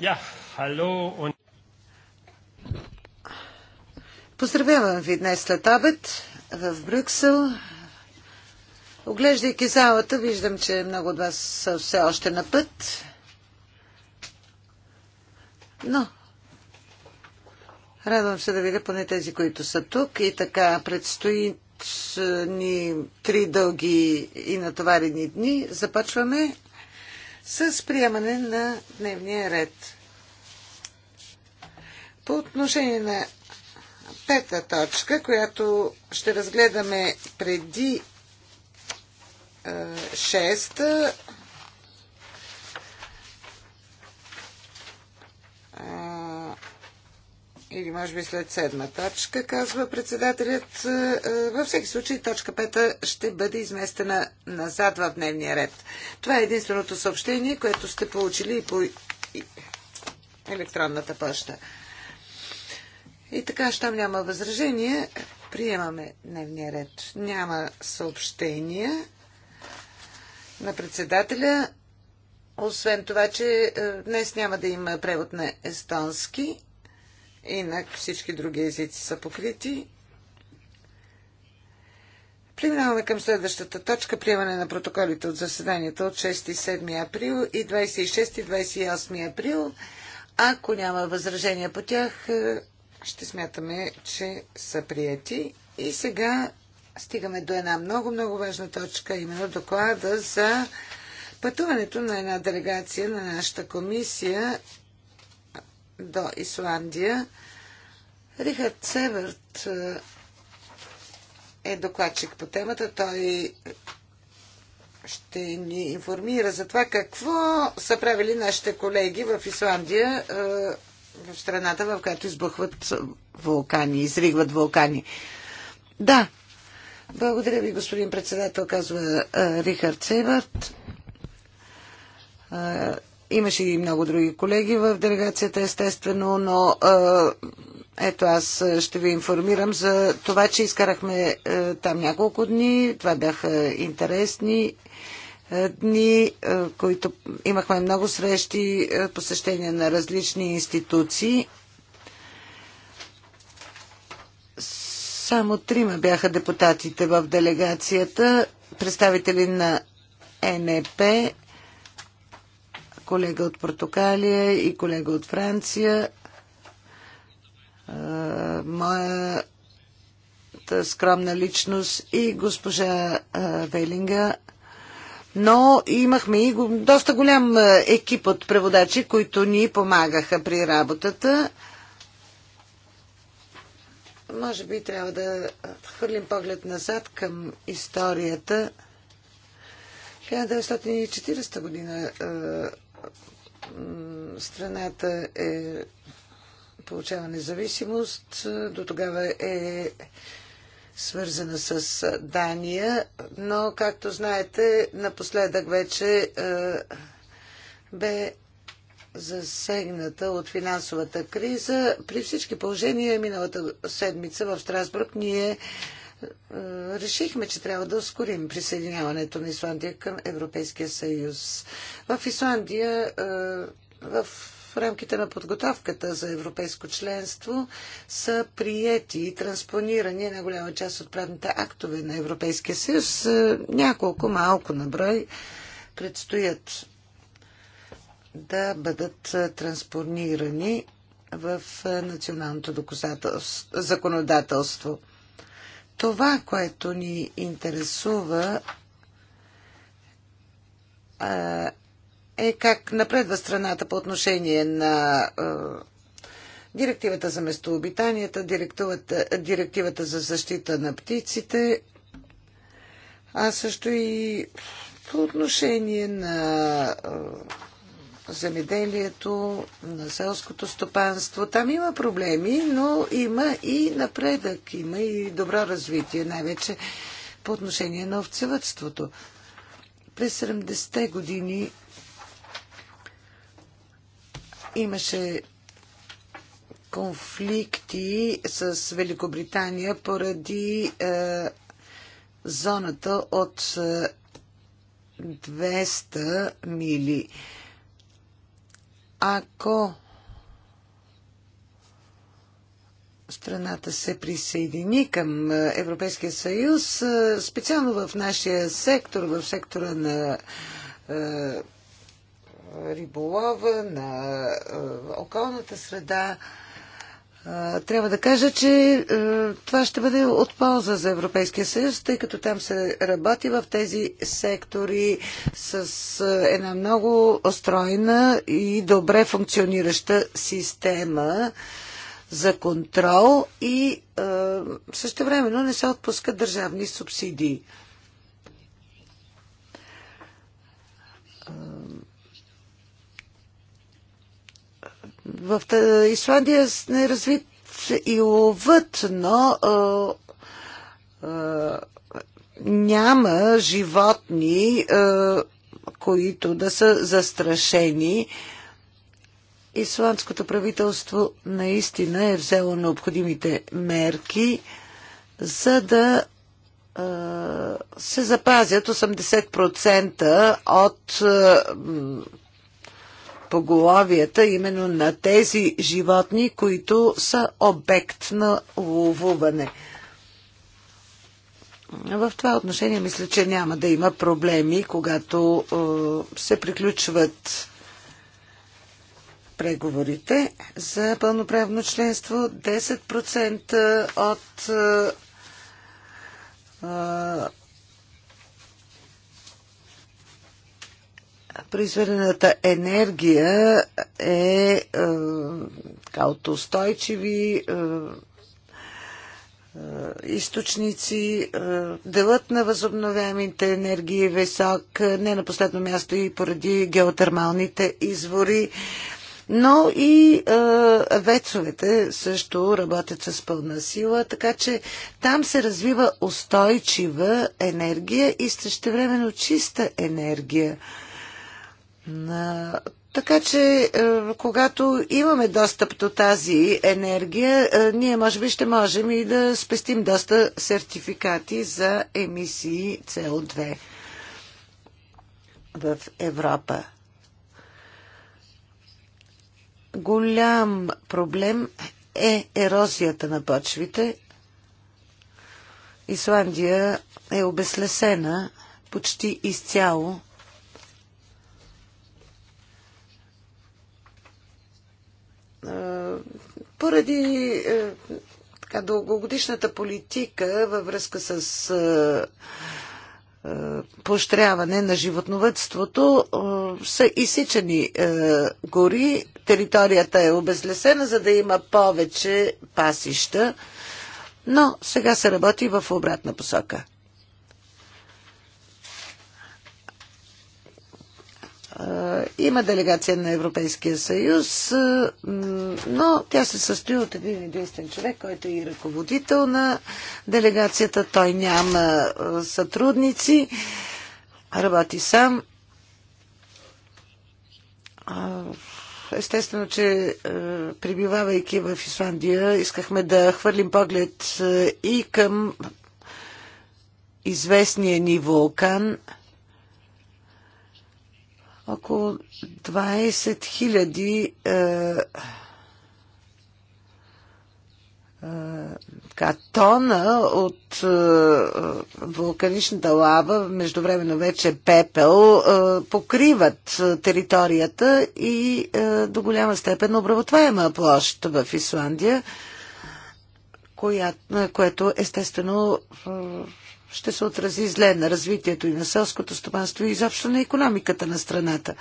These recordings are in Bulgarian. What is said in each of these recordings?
Ja, hallo und... Поздравявам ви днес след обед в Брюксел. Оглеждайки залата, виждам, че много от вас са все още на път. Но радвам се да видя поне тези, които са тук. И така предстои ни три дълги и натоварени дни. Започваме с приемане на дневния ред. По отношение на пета точка, която ще разгледаме преди е, 6, или може би след седма точка, казва председателят. Е, е, във всеки случай точка пета ще бъде изместена назад в дневния ред. Това е единственото съобщение, което сте получили и по електронната почта. И така, щом няма възражение, приемаме дневния ред. Няма съобщения на председателя, освен това, че е, днес няма да има превод на естонски. Инак всички други езици са покрити. Преминаваме към следващата точка. Приемане на протоколите от заседанията от 6 и 7 април и 26 и 28 април. Ако няма възражения по тях, е, ще смятаме, че са прияти. И сега стигаме до една много-много важна точка, именно доклада за пътуването на една делегация на нашата комисия до Исландия. Рихард Северт е, е докладчик по темата. Той ще ни информира за това какво са правили нашите колеги в Исландия, е, в страната, в която избухват вулкани, изригват вулкани. Да, благодаря ви, господин председател, казва е, Рихард Северт. Имаше и много други колеги в делегацията, естествено, но ето аз ще ви информирам за това, че изкарахме там няколко дни. Това бяха интересни дни, които имахме много срещи, посещения на различни институции. Само трима бяха депутатите в делегацията, представители на НЕП колега от Португалия и колега от Франция. Моята скромна личност и госпожа Велинга. Но имахме и доста голям екип от преводачи, които ни помагаха при работата. Може би трябва да хвърлим поглед назад към историята. 1940 година страната е, получава независимост. До тогава е свързана с Дания, но, както знаете, напоследък вече е, бе засегната от финансовата криза. При всички положения, миналата седмица в Страсбург ние е, решихме, че трябва да ускорим присъединяването на Исландия към Европейския съюз. В Исландия е, в рамките на подготовката за европейско членство са приети и транспонирани на голяма част от правните актове на Европейския съюз. Е, няколко малко на брой предстоят да бъдат транспонирани в националното законодателство. Това, което ни интересува е как напредва страната по отношение на директивата за местообитанията, директивата, директивата за защита на птиците, а също и по отношение на земеделието, на селското стопанство. Там има проблеми, но има и напредък, има и добро развитие, най-вече по отношение на овцевътството. През 70-те години имаше конфликти с Великобритания поради е, зоната от 200 е, мили ако страната се присъедини към е, Европейския съюз, е, специално в нашия сектор, в сектора на е, риболова, на околната среда, трябва да кажа, че е, това ще бъде от полза за Европейския съюз, тъй като там се работи в тези сектори с е, една много стройна и добре функционираща система за контрол и е, също времено не се отпускат държавни субсидии. В Исландия е развит и ловът, но а, а, няма животни, а, които да са застрашени. Исландското правителство наистина е взело необходимите мерки, за да се запазят 80% от поголовията именно на тези животни, които са обект на ловуване. В това отношение мисля, че няма да има проблеми, когато е, се приключват преговорите за пълноправно членство. 10% от е, е, произведената енергия е, е така, от устойчиви е, е източници, е, делът на възобновяемите енергии е висок, не на последно място и поради геотермалните извори, но и е, вецовете също работят с пълна сила, така че там се развива устойчива енергия и същевременно чиста енергия. Така че, е, когато имаме достъп до тази енергия, е, ние може би ще можем и да спестим доста сертификати за емисии CO2 в Европа. Голям проблем е ерозията на почвите. Исландия е обеслесена почти изцяло поради е, така, дългогодишната политика във връзка с е, е, поощряване на животновътството са изсичани гори, територията е обезлесена, за да има повече пасища, но сега се работи в обратна посока – Е, има делегация на Европейския съюз, е, но тя се състои от един единствен човек, който е и ръководител на делегацията. Той няма е, сътрудници, работи сам. Естествено, че прибивавайки в Исландия, искахме да хвърлим поглед и към известния ни вулкан – около 20 хиляди е, е, така, тона от е, вулканичната лава, междувременно вече пепел, е, покриват територията и е, до голяма степен обработваема площ в Исландия, която, което естествено е, ще се отрази зле на развитието и на селското стопанство и изобщо на економиката на страната.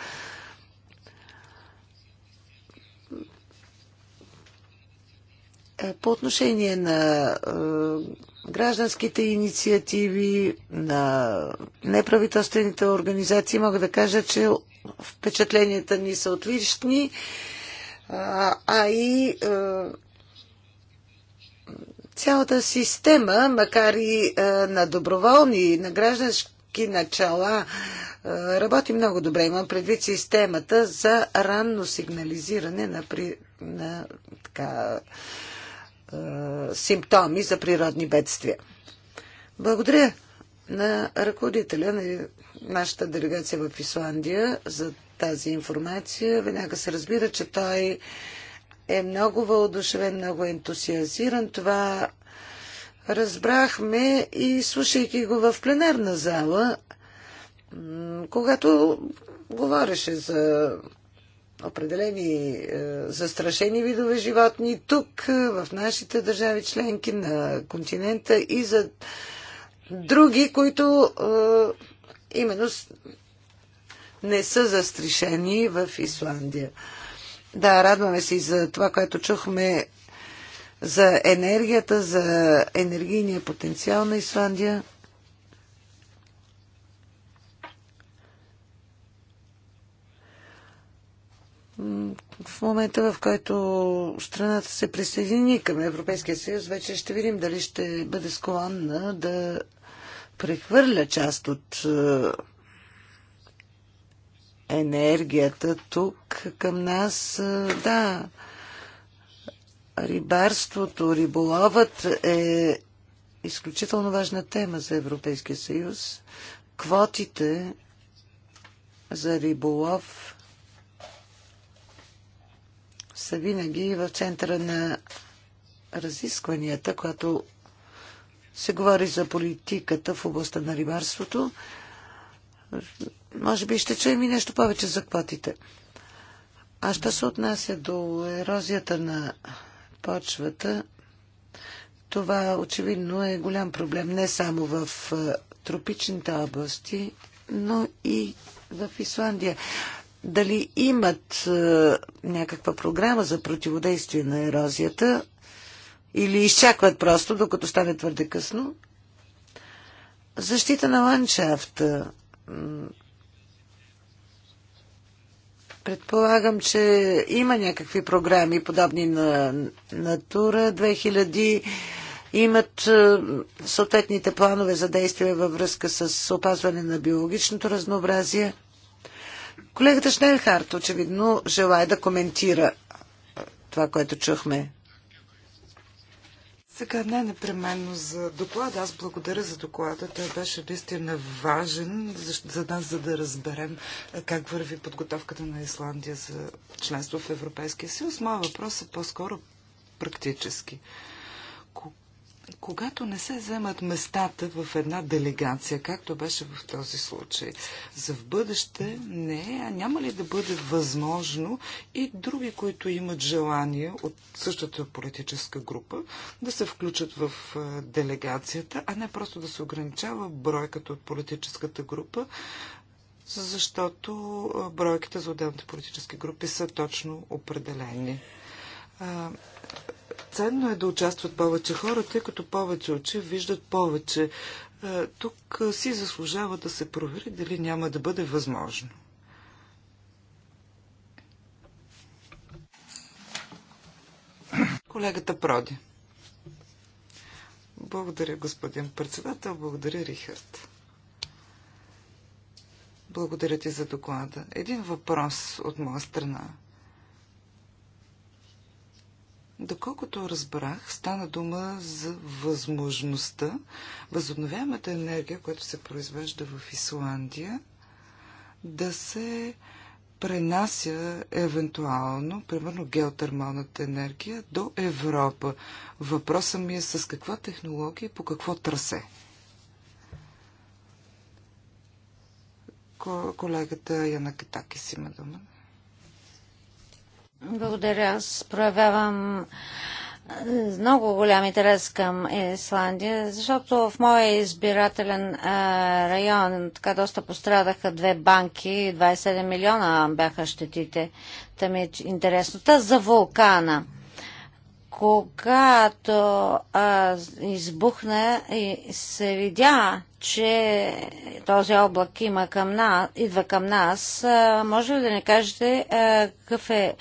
Е, по отношение на е, гражданските инициативи, на неправителствените организации, мога да кажа, че впечатленията ни са отлични, а и е, Цялата система, макар и е, на доброволни, на граждански начала, е, работи много добре. Имам предвид системата за ранно сигнализиране на, при, на така, а, е, симптоми за природни бедствия. Благодаря на ръководителя на нашата делегация в Исландия за тази информация. Веднага се разбира, че той е много въодушевен, много ентусиазиран. Това разбрахме и слушайки го в пленарна зала, когато говореше за определени е, застрашени видове животни тук, е, в нашите държави членки на континента и за други, които е, именно не са застрашени в Исландия. Да, радваме се и за това, което чухме за енергията, за енергийния потенциал на Исландия. В момента, в който страната се присъедини към Европейския съюз, вече ще видим дали ще бъде склонна да прехвърля част от е, енергията тук към нас, да, рибарството, риболовът е изключително важна тема за Европейския съюз. Квотите за риболов са винаги в центъра на разискванията, когато се говори за политиката в областта на рибарството. Може би ще чуем и нещо повече за квотите. А що се отнася до ерозията на почвата, това очевидно е голям проблем не само в е, тропичните области, но и в Исландия. Дали имат е, някаква програма за противодействие на ерозията или изчакват просто, докато стане твърде късно? Защита на ландшафта Предполагам, че има някакви програми, подобни на Натура 2000, имат е, съответните планове за действие във връзка с опазване на биологичното разнообразие. Колегата Шнелхарт очевидно желая да коментира това, което чухме. Сега не непременно за доклада. Аз благодаря за доклада. Той беше наистина важен за нас, за да разберем е, как върви подготовката на Исландия за членство в Европейския съюз. Моя въпрос е по-скоро практически когато не се вземат местата в една делегация, както беше в този случай, за в бъдеще не, а няма ли да бъде възможно и други, които имат желание от същата политическа група, да се включат в делегацията, а не просто да се ограничава бройката от политическата група, защото бройките за отделните политически групи са точно определени. Ценно е да участват повече хора, тъй като повече очи виждат повече. Е, тук си заслужава да се провери дали няма да бъде възможно. Колегата Проди. Благодаря, господин председател. Благодаря, Рихард. Благодаря ти за доклада. Един въпрос от моя страна. Доколкото разбрах, стана дума за възможността възобновяемата енергия, която се произвежда в Исландия, да се пренася евентуално, примерно геотермалната енергия, до Европа. Въпросът ми е с каква технология и по какво трасе. Колегата Яна Катакис има дума. Благодаря. Аз проявявам е, много голям интерес към Исландия, защото в моя избирателен е, район така доста пострадаха две банки, 27 милиона бяха щетите. Там е интересно. Та за вулкана. Когато а, избухна и се видя, че този облак има към нас, идва към нас. Може ли да ни кажете какъв е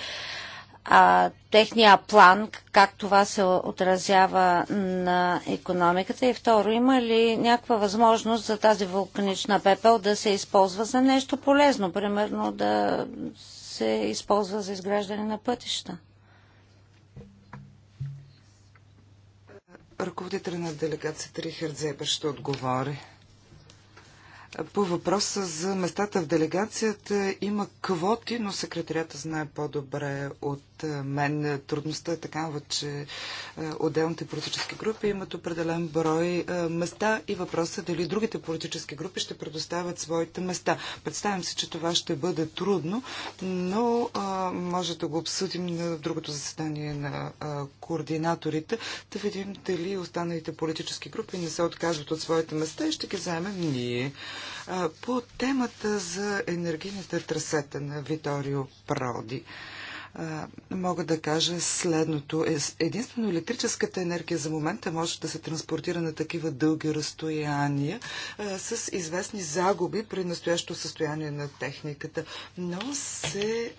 а, техния план, как това се отразява на економиката? И второ, има ли някаква възможност за тази вулканична пепел да се използва за нещо полезно, примерно да се използва за изграждане на пътища? Ръководителя на делегацията Рихард Зебер ще отговори. По въпроса за местата в делегацията има квоти, но секретарията знае по-добре от е, мен трудността е такава, че е, отделните политически групи имат определен брой е, места и въпросът е дали другите политически групи ще предоставят своите места. Представям си, че това ще бъде трудно, но може да го обсъдим на другото заседание на координаторите, да видим дали останалите политически групи не се отказват от своите места и ще ги заемем ние. По темата за енергийните трасета на Виторио Проди мога да кажа следното. Е, единствено електрическата енергия за момента може да се транспортира на такива дълги разстояния с известни загуби при настоящото състояние на техниката. Но се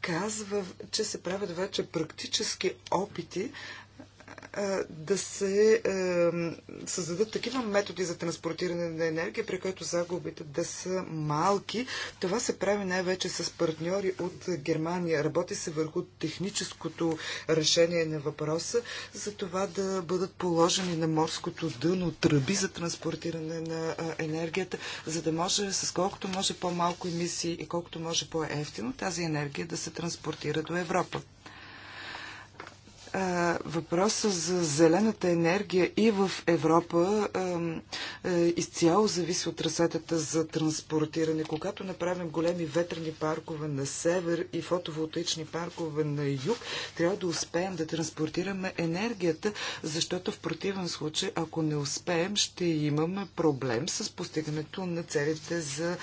казва, че се правят вече практически опити е, да се е, създадат такива методи за транспортиране на енергия, при което загубите да са малки. Това се прави най-вече с партньори от Германия. Работи се върху техническото решение на въпроса за това да бъдат положени на морското дъно тръби за транспортиране на е, енергията, за да може с колкото може по-малко емисии и колкото може по-ефтино тази енергия да се транспортира до Европа въпроса за зелената енергия и в Европа е, изцяло зависи от трасетата за транспортиране. Когато направим големи ветрени паркове на север и фотоволтаични паркове на юг, трябва да успеем да транспортираме енергията, защото в противен случай, ако не успеем, ще имаме проблем с постигането на целите за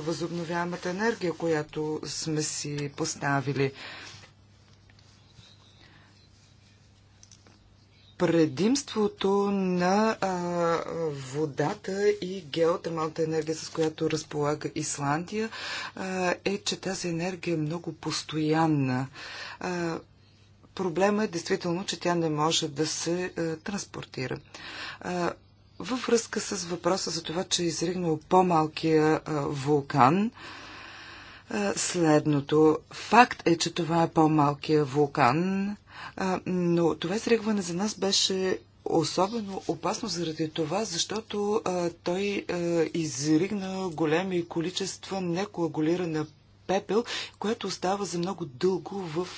възобновяемата енергия, която сме си поставили. предимството на а, водата и геотермалната енергия, с която разполага Исландия, а, е, че тази енергия е много постоянна. А, проблема е действително, че тя не може да се а, транспортира. А, във връзка с въпроса за това, че е изригнал по-малкия вулкан, а, следното. Факт е, че това е по-малкия вулкан, но това срегване за нас беше особено опасно заради това, защото а, той а, изригна големи количества некоагулирана пепел, което остава за много дълго в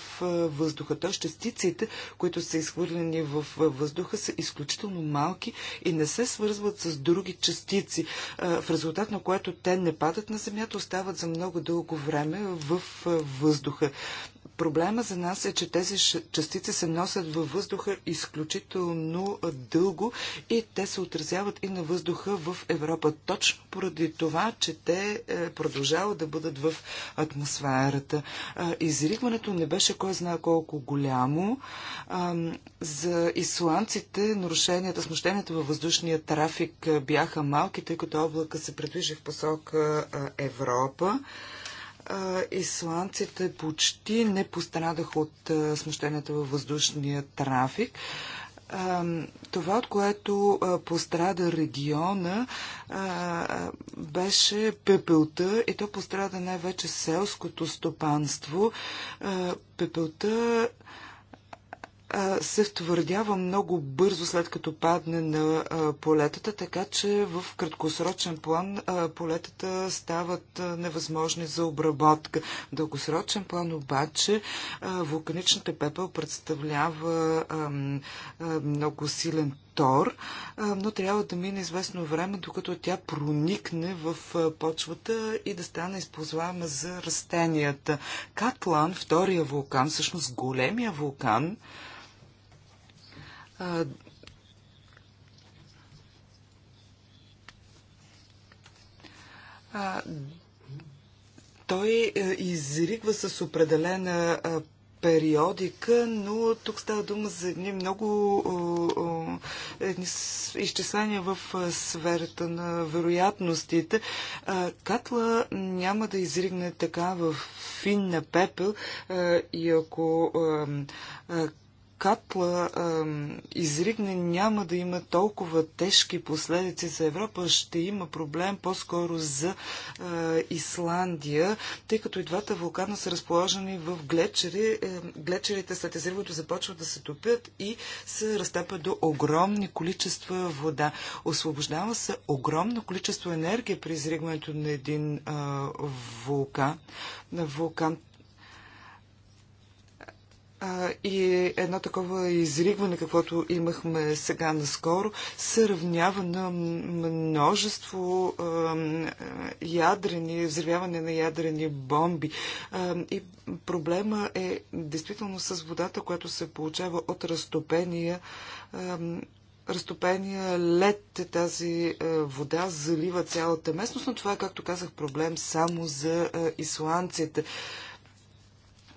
въздуха. Т.е. частиците, които са изхвърлени в въздуха, са изключително малки и не се свързват с други частици, в резултат на което те не падат на Земята, остават за много дълго време в въздуха. Проблема за нас е, че тези частици се носят във въздуха изключително дълго и те се отразяват и на въздуха в Европа. Точно поради това, че те е, продължават да бъдат в атмосферата. Изригването не беше кой знае колко голямо. За исландците нарушенията, смущенията във въздушния трафик бяха малки, тъй като облака се предвижи в посока Европа исландците почти не пострадаха от смущенията във въздушния трафик. Това, от което пострада региона, беше пепелта и то пострада най-вече селското стопанство. Пепелта се втвърдява много бързо след като падне на полетата, така че в краткосрочен план полетата стават невъзможни за обработка. В дългосрочен план обаче вулканичната пепел представлява много силен тор, но трябва да мине известно време, докато тя проникне в почвата и да стане използваема за растенията. Катлан, втория вулкан, всъщност големия вулкан, а, той е, изригва с определена периодика, но тук става дума за едни много едни изчисления в сферата на вероятностите. Катла няма да изригне така в финна пепел и ако капла а, изригне, няма да има толкова тежки последици за Европа. Ще има проблем по-скоро за а, Исландия, тъй като и двата вулкана са разположени в глечери. Е, Глечерите след изригването започват да се топят и се разтапят до огромни количества вода. Освобождава се огромно количество енергия при изригването на един а, вулкан. На вулкан а, и едно такова изригване, каквото имахме сега наскоро, се равнява на множество а, ядрени, взривяване на ядрени бомби. А, и проблема е действително с водата, която се получава от разтопения а, разтопения лед, тази е, вода залива цялата местност, но това е, както казах, проблем само за е, исландците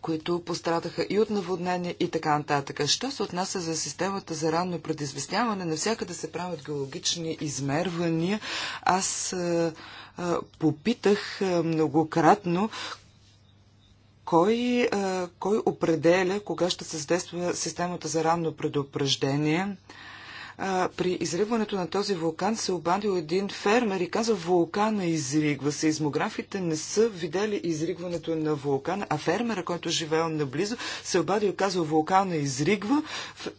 които пострадаха и от наводнение и така нататък. Що се отнася за системата за ранно предизвестяване, навсякъде се правят геологични измервания. Аз а, е, а, е, попитах а, е, многократно кой, а, кой определя кога ще се задейства системата за ранно предупреждение. А, а, при изригването на този вулкан се обадил един фермер и каза вулкана изригва. Сеизмографите не са видели изригването на вулкана, а фермера, който живеел наблизо, се обадил и казал вулкана изригва,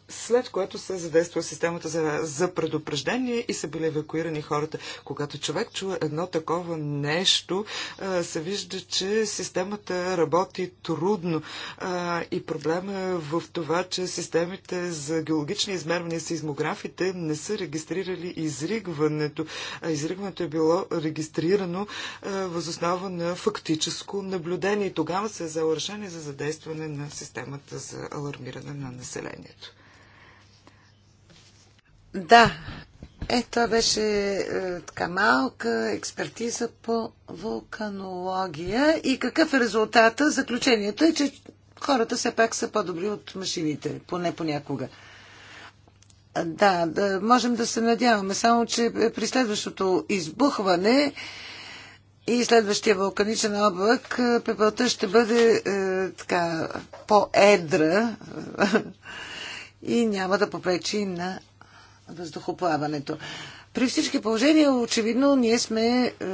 след което се задейства системата за, за предупреждение и са били евакуирани хората. Когато човек чува едно такова нещо, а, се вижда, че системата работи трудно а, и проблема е в това, че системите за геологични измервания, сеизмографи банките не са регистрирали изригването. А изригването е било регистрирано възоснова на фактическо наблюдение. И тогава се е взело решение за задействане на системата за алармиране на населението. Да, е, това беше е, така малка експертиза по вулканология. И какъв е резултата? Заключението е, че хората все пак са по-добри от машините, поне понякога. Да, да, можем да се надяваме, само че при следващото избухване и следващия вулканичен облак е, пепелта ще бъде е, така по-едра е, и няма да попречи на въздухоплаването. При всички положения, очевидно, ние сме е,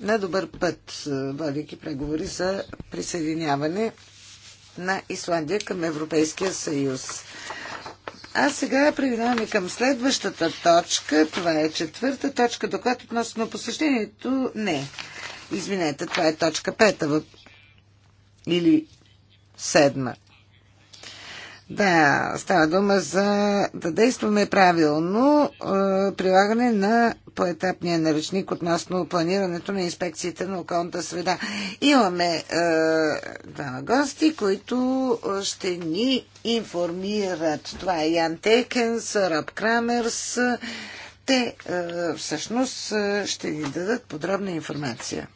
на добър път, е, водейки преговори за присъединяване на Исландия към Европейския съюз. А сега преминаваме към следващата точка. Това е четвърта точка. Доклад относно посещението. Не. Извинете, това е точка пета или седма. Да, става дума за да действаме правилно е, прилагане на поетапния наръчник относно планирането на инспекциите на околната среда. Имаме е, два гости, които е, ще ни информират. Това е Ян Текенс, Раб Крамерс. Те е, всъщност е, ще ни дадат подробна информация.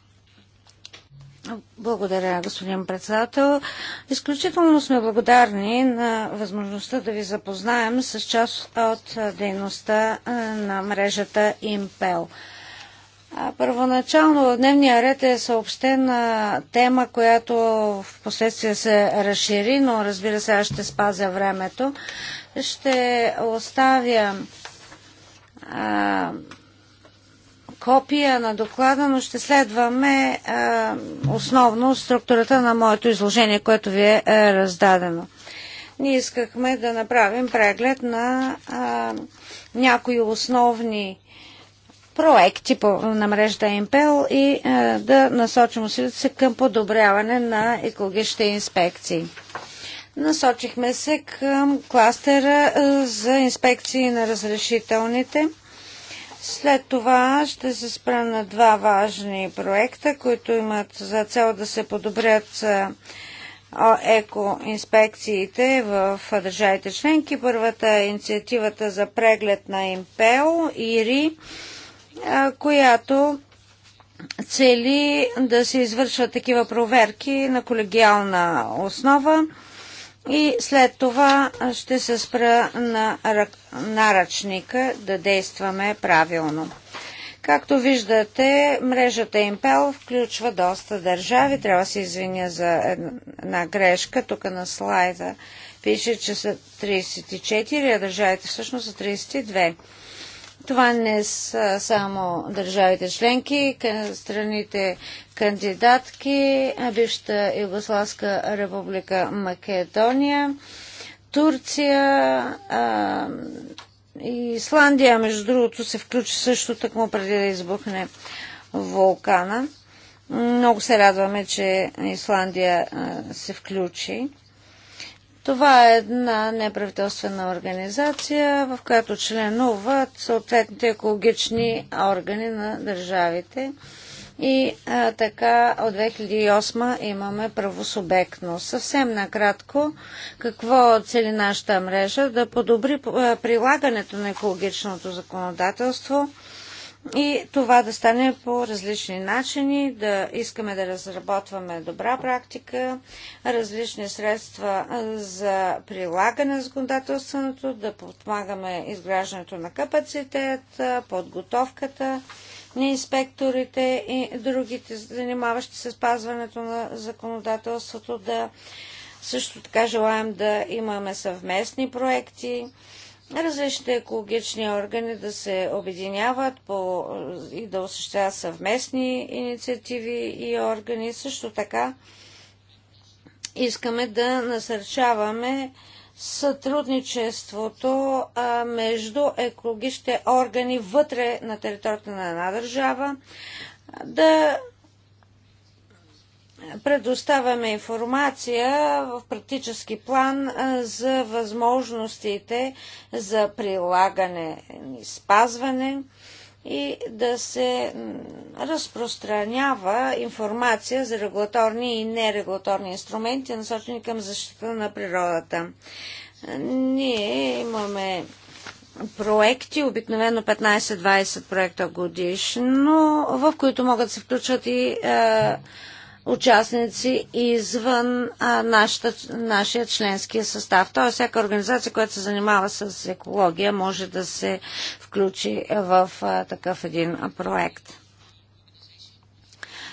Благодаря, господин председател. Изключително сме благодарни на възможността да ви запознаем с част от дейността на мрежата Импел. Първоначално в дневния ред е съобщена тема, която в последствие се разшири, но разбира се, аз ще спазя времето. Ще оставя а, копия на доклада, но ще следваме а, е, основно структурата на моето изложение, което ви е, е раздадено. Ние искахме да направим преглед на а, е, някои основни проекти по, на мрежата МПЛ и а, да насочим усилията се към подобряване на екологичните инспекции. Насочихме се към кластера за инспекции на разрешителните – след това ще се спра на два важни проекта, които имат за цел да се подобрят екоинспекциите в държавите членки. Първата е инициативата за преглед на ИМПЕО, ИРИ, която цели да се извършват такива проверки на колегиална основа и след това ще се спра на наръчника да действаме правилно. Както виждате, мрежата Impel включва доста държави. Трябва да се извиня за една грешка. Тук на слайда пише, че са 34, а държавите всъщност са 32. Това не са само държавите членки, страните кандидатки, бившата Югославска република Македония, Турция, Исландия, между другото, се включи също му преди да избухне вулкана. Много се радваме, че Исландия се включи. Това е една неправителствена организация, в която членуват съответните екологични органи на държавите. И а, така от 2008 имаме правосубектно. Съвсем накратко, какво цели нашата мрежа? Да подобри прилагането на екологичното законодателство и това да стане по различни начини, да искаме да разработваме добра практика, различни средства за прилагане на законодателството, да подмагаме изграждането на капацитет, подготовката на инспекторите и другите, занимаващи се спазването на законодателството, да също така желаем да имаме съвместни проекти различните екологични органи да се обединяват по, и да осъществяват съвместни инициативи и органи. Също така искаме да насърчаваме сътрудничеството а, между екологичните органи вътре на територията на една държава, да предоставяме информация в практически план за възможностите за прилагане и спазване и да се разпространява информация за регулаторни и нерегулаторни инструменти, насочени към защита на природата. Ние имаме проекти, обикновено 15-20 проекта годишно, в които могат да се включат и е, участници извън а, нашата, нашия членския състав. Тоест, всяка организация, която се занимава с екология, може да се включи в а, такъв един проект.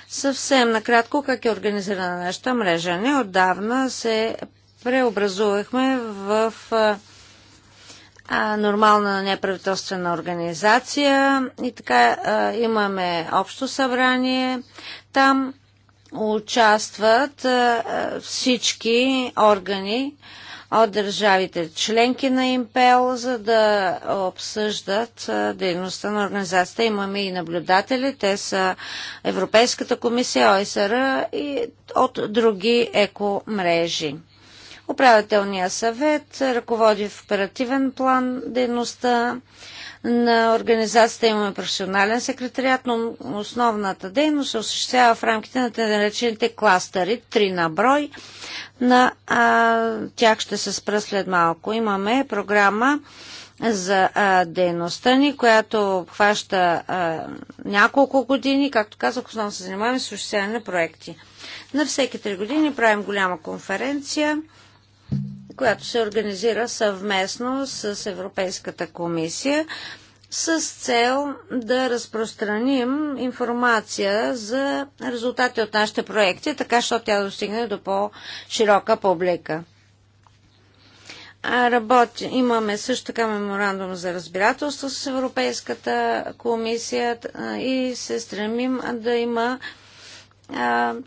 Съвсем накратко, как е организирана нашата мрежа. не отдавна се преобразувахме в а, а, нормална неправителствена организация и така а, имаме общо събрание там участват всички органи от държавите членки на ИМПЕЛ, за да обсъждат дейността на организацията. Имаме и наблюдатели, те са Европейската комисия, ОСР и от други екомрежи. Управителният съвет ръководи в оперативен план дейността на организацията имаме професионален секретариат, но основната дейност се осъществява в рамките на те наречените кластъри, три на брой. На а, тях ще се спра след малко. Имаме програма за а, дейността ни, която обхваща а, няколко години. Както казах, основно се занимаваме с осъществяване на проекти. На всеки три години правим голяма конференция която се организира съвместно с Европейската комисия с цел да разпространим информация за резултати от нашите проекти, така що тя достигне до по-широка публика. Работи. Имаме също така меморандум за разбирателство с Европейската комисия и се стремим да има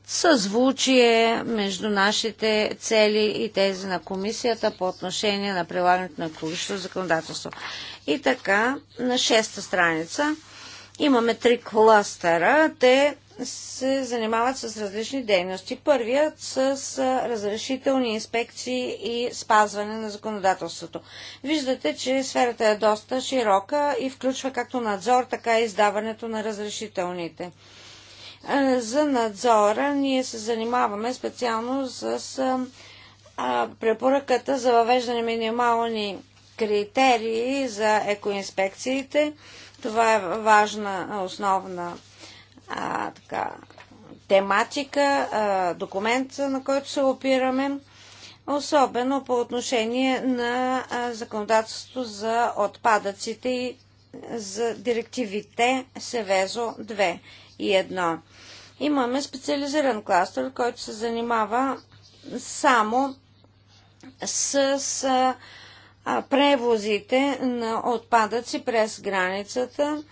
съзвучие между нашите цели и тези на комисията по отношение на прилагането на екологичното законодателство. И така, на шеста страница имаме три кластера. Те се занимават с различни дейности. Първият с разрешителни инспекции и спазване на законодателството. Виждате, че сферата е доста широка и включва както надзор, така и издаването на разрешителните. За надзора ние се занимаваме специално с препоръката за въвеждане минимални критерии за екоинспекциите. Това е важна основна а, така, тематика, а, документ, на който се опираме, особено по отношение на а, законодателството за отпадъците и за директивите Севезо 2 и 1. Имаме специализиран кластър, който се занимава само с превозите на отпадъци през границата.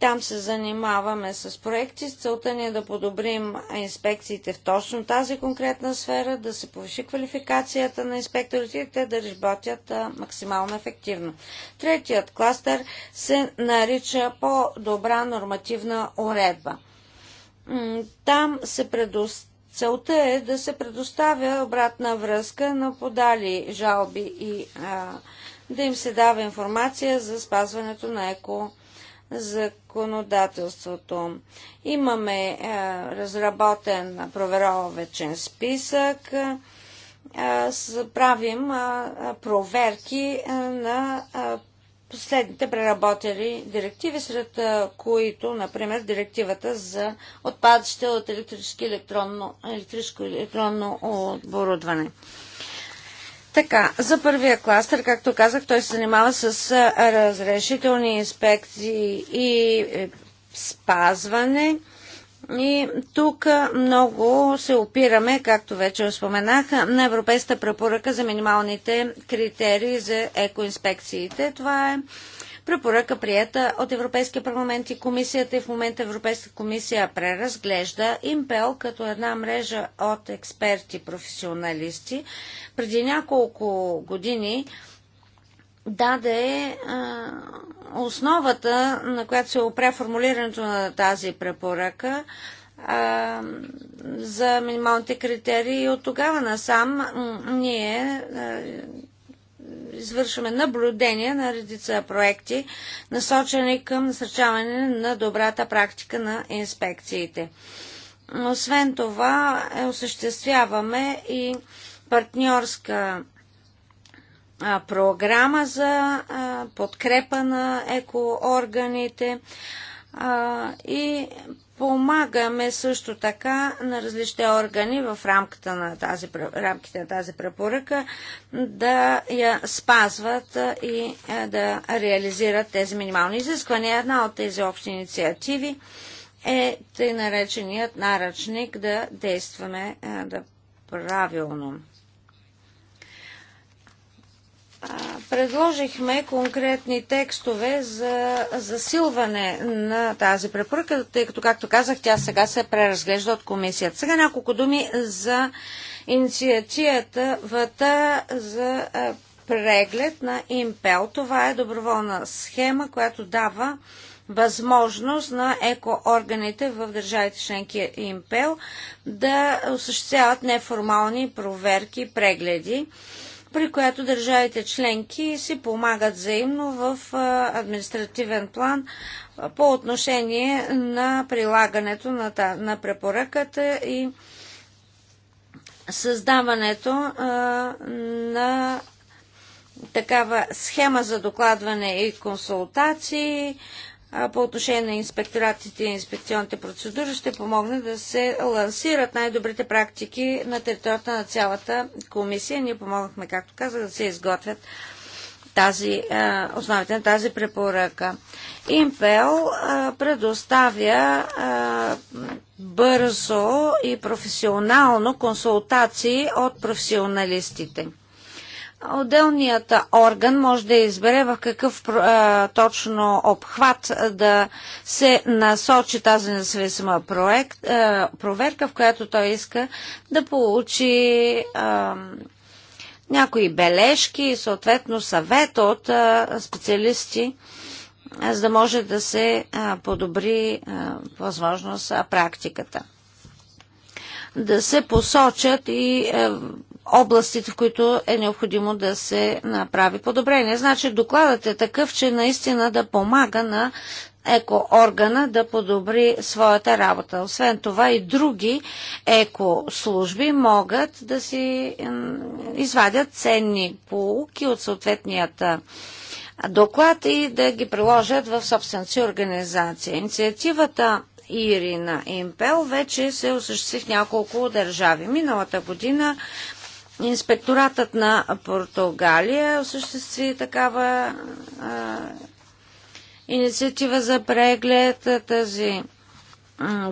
Там се занимаваме с проекти. С целта ни е да подобрим инспекциите в точно тази конкретна сфера, да се повиши квалификацията на инспекторите и те да работят максимално ефективно. Третият кластър се нарича по-добра нормативна уредба. Там се предост... Целта е да се предоставя обратна връзка на подали жалби и а, да им се дава информация за спазването на еко законодателството. Имаме а, разработен проверовечен списък. А, правим а, проверки на а, последните преработени директиви, сред които, например, директивата за отпадащите от електрическо електронно, електрическо електронно оборудване. Така, за първия кластър, както казах, той се занимава с разрешителни инспекции и е, спазване и тук много се опираме, както вече споменах, на Европейската препоръка за минималните критерии за екоинспекциите. Това е препоръка приета от Европейския парламент и комисията и в момента Европейската комисия преразглежда Импел като една мрежа от експерти, професионалисти. Преди няколко години даде а, основата, на която се опря формулирането на тази препоръка а, за минималните критерии. И от тогава насам ние а, извършваме наблюдение на редица проекти, насочени към насърчаване на добрата практика на инспекциите. Освен това, е, осъществяваме и партньорска програма за подкрепа на екоорганите и помагаме също така на различните органи в рамката на тази, рамките на тази препоръка да я спазват и да реализират тези минимални изисквания. Една от тези общи инициативи е тъй нареченият наръчник да действаме да правилно предложихме конкретни текстове за засилване на тази препоръка, тъй като, както казах, тя сега се преразглежда от комисията. Сега няколко думи за инициативата за преглед на Импел. Това е доброволна схема, която дава възможност на екоорганите в държавите членки Импел да осъществяват неформални проверки, прегледи при която държавите членки си помагат взаимно в административен план по отношение на прилагането на препоръката и създаването на такава схема за докладване и консултации, по отношение на инспекторатите и инспекционните процедури ще помогне да се лансират най-добрите практики на територията на цялата комисия. Ние помогнахме, както казах, да се изготвят тази, основите на тази препоръка. Импел предоставя бързо и професионално консултации от професионалистите. Отделният орган може да избере в какъв а, точно обхват да се насочи тази независима проект, а, проверка, в която той иска да получи а, някои бележки и съответно съвет от а, специалисти, а, за да може да се а, подобри а, възможност а, практиката. Да се посочат и а, областите, в които е необходимо да се направи подобрение. Значи докладът е такъв, че наистина да помага на екооргана да подобри своята работа. Освен това и други екослужби могат да си извадят ценни полуки от съответният доклад и да ги приложат в собствената си организация. Инициативата Ирина Импел вече се осъществи в няколко държави. Миналата година Инспекторатът на Португалия осъществи такава а, инициатива за преглед тази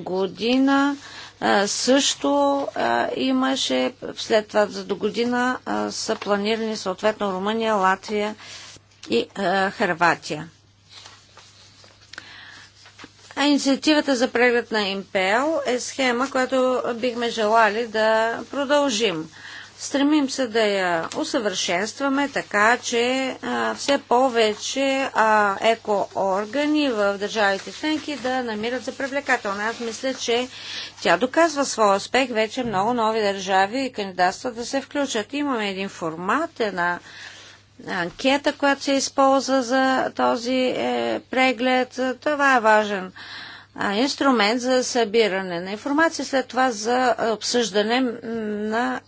година. А, също а, имаше, след това за до година а, са планирани съответно Румъния, Латвия и а, Харватия. А инициативата за преглед на ИМПЕЛ е схема, която бихме желали да продължим. Стремим се да я усъвършенстваме така, че а, все повече а, екооргани в държавите членки да намират за привлекателна. Аз мисля, че тя доказва своя успех. Вече много нови държави и кандидатства да се включат. Имаме един формат, една анкета, която се използва за този е, преглед. Това е важен инструмент за събиране на информация, след това за обсъждане на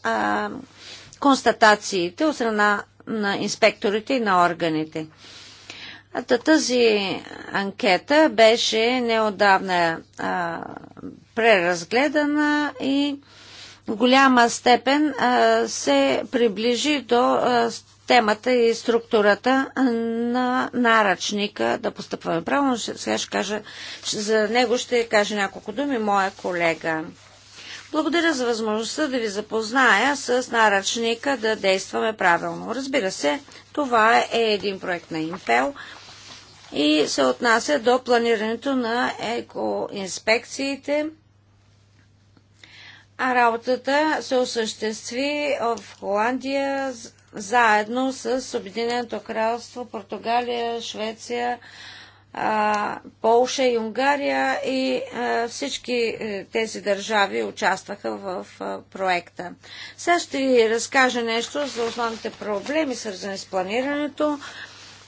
констатациите от страна на инспекторите и на органите. Тази анкета беше неодавна преразгледана и в голяма степен се приближи до темата и е структурата на наръчника да постъпваме правилно. Сега ще кажа, за него ще кажа няколко думи моя колега. Благодаря за възможността да ви запозная с наръчника да действаме правилно. Разбира се, това е един проект на Инфел, и се отнася до планирането на екоинспекциите. А работата се осъществи в Холандия, заедно с Обединеното кралство, Португалия, Швеция, Полша и Унгария и всички е, тези държави участваха в проекта. Сега ще ви разкажа нещо за основните проблеми, свързани с планирането,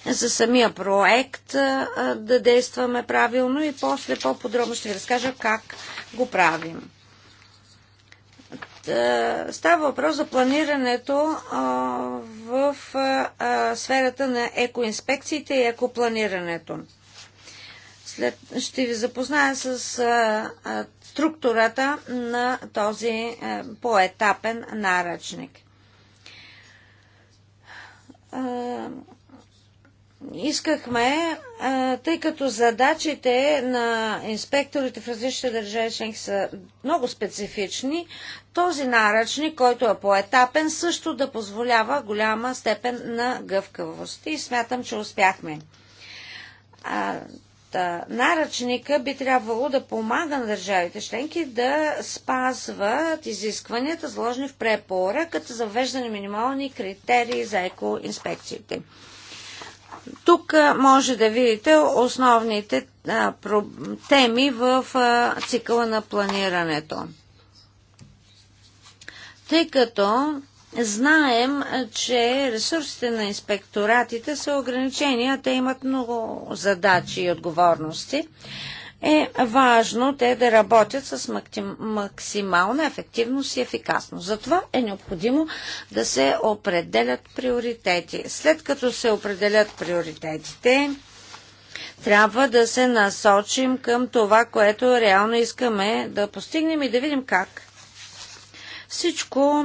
за самия проект да действаме правилно и после по-подробно ще ви разкажа как го правим. Е, става въпрос за планирането в сферата на екоинспекциите и екопланирането. След, ще ви запозная с а, а, структурата на този а, е, поетапен наръчник. А, е, искахме, а, тъй като задачите на инспекторите в различните държави членки са много специфични, този наръчник, който е поетапен, също да позволява голяма степен на гъвкавост. И смятам, че успяхме. А, та, наръчника би трябвало да помага на държавите членки да спазват изискванията, заложени в препоръката за въвеждане минимални критерии за екоинспекциите. Тук може да видите основните а, теми в а, цикъла на планирането тъй като знаем, че ресурсите на инспекторатите са ограничени, а те имат много задачи и отговорности. Е важно те да работят с максимална ефективност и ефикасност. Затова е необходимо да се определят приоритети. След като се определят приоритетите, трябва да се насочим към това, което реално искаме да постигнем и да видим как всичко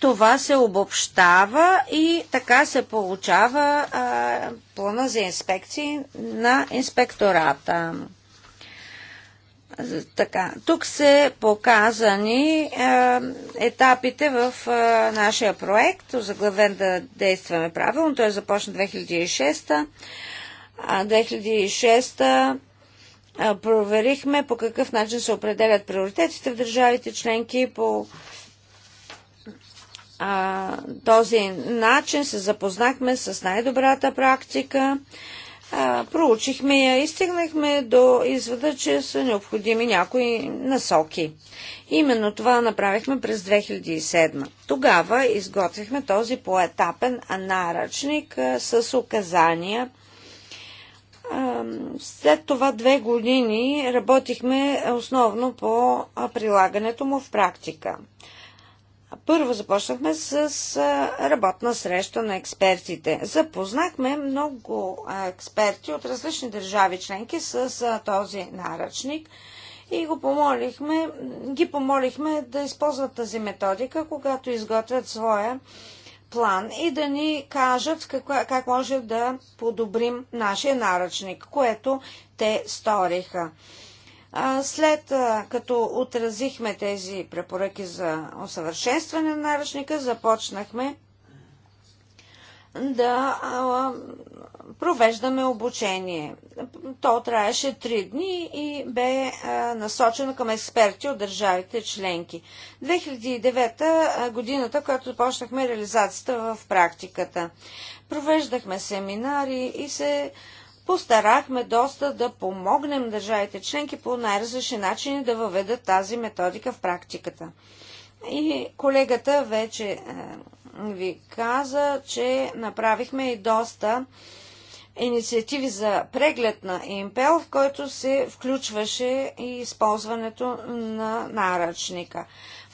това се обобщава и така се получава а, плана за инспекции на инспектората. Така, тук се показани а, етапите в а, нашия проект, заглавен да действаме правилно. Той започна 2006. А 2006 проверихме по какъв начин се определят приоритетите в държавите членки по а, този начин се запознахме с най-добрата практика, а, проучихме я и стигнахме до извода, че са необходими някои насоки. Именно това направихме през 2007. Тогава изготвихме този поетапен наръчник а, с указания. след това две години работихме основно по прилагането му в практика. Първо започнахме с работна среща на експертите. Запознахме много експерти от различни държави членки с този наръчник и го помолихме, ги помолихме да използват тази методика, когато изготвят своя план и да ни кажат как, как може да подобрим нашия наръчник, което те сториха. След като отразихме тези препоръки за усъвършенстване на наръчника, започнахме да провеждаме обучение. То траеше три дни и бе насочено към експерти от държавите членки. 2009 годината, когато започнахме реализацията в практиката. Провеждахме семинари и се постарахме доста да помогнем държавите членки по най-различни начини да въведат тази методика в практиката. И колегата вече е, ви каза, че направихме и доста инициативи за преглед на Импел, в който се включваше и използването на наръчника.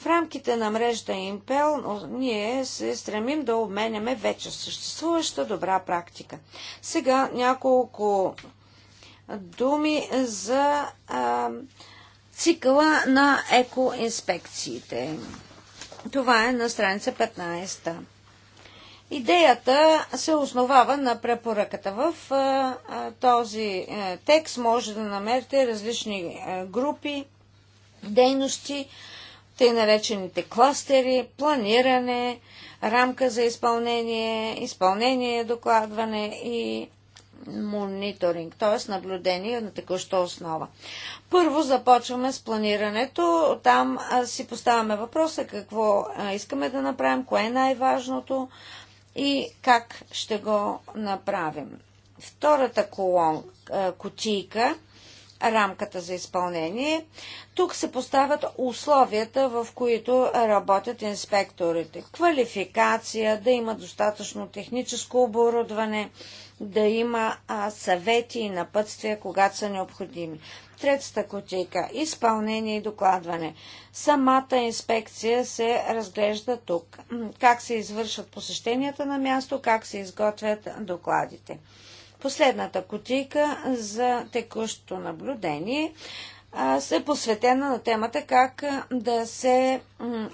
В рамките на мрежата Impel ние се стремим да обменяме вече съществуваща добра практика. Сега няколко думи за а, цикъла на екоинспекциите. Това е на страница 15. Идеята се основава на препоръката. В а, този а, е, текст може да намерите различни а, е, групи, дейности, тъй наречените кластери, планиране, рамка за изпълнение, изпълнение, докладване и мониторинг, т.е. наблюдение на текуща основа. Първо започваме с планирането. Там си поставяме въпроса какво искаме да направим, кое е най-важното и как ще го направим. Втората колон, кутийка – рамката за изпълнение. Тук се поставят условията, в които работят инспекторите. Квалификация, да има достатъчно техническо оборудване, да има а, съвети и напътствия, когато са необходими. Третата котика – изпълнение и докладване. Самата инспекция се разглежда тук. Как се извършват посещенията на място, как се изготвят докладите. Последната кутийка за текущото наблюдение се посветена на темата как да се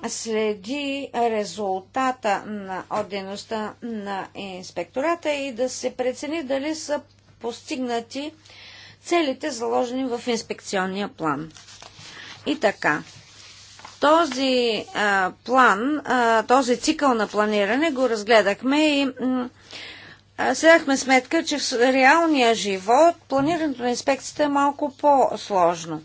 следи резултата на, от дейността на инспектората и да се прецени дали са постигнати целите заложени в инспекционния план. И така, този план, този цикъл на планиране го разгледахме и Сегахме сметка, че в реалния живот планирането на инспекцията е малко по-сложно.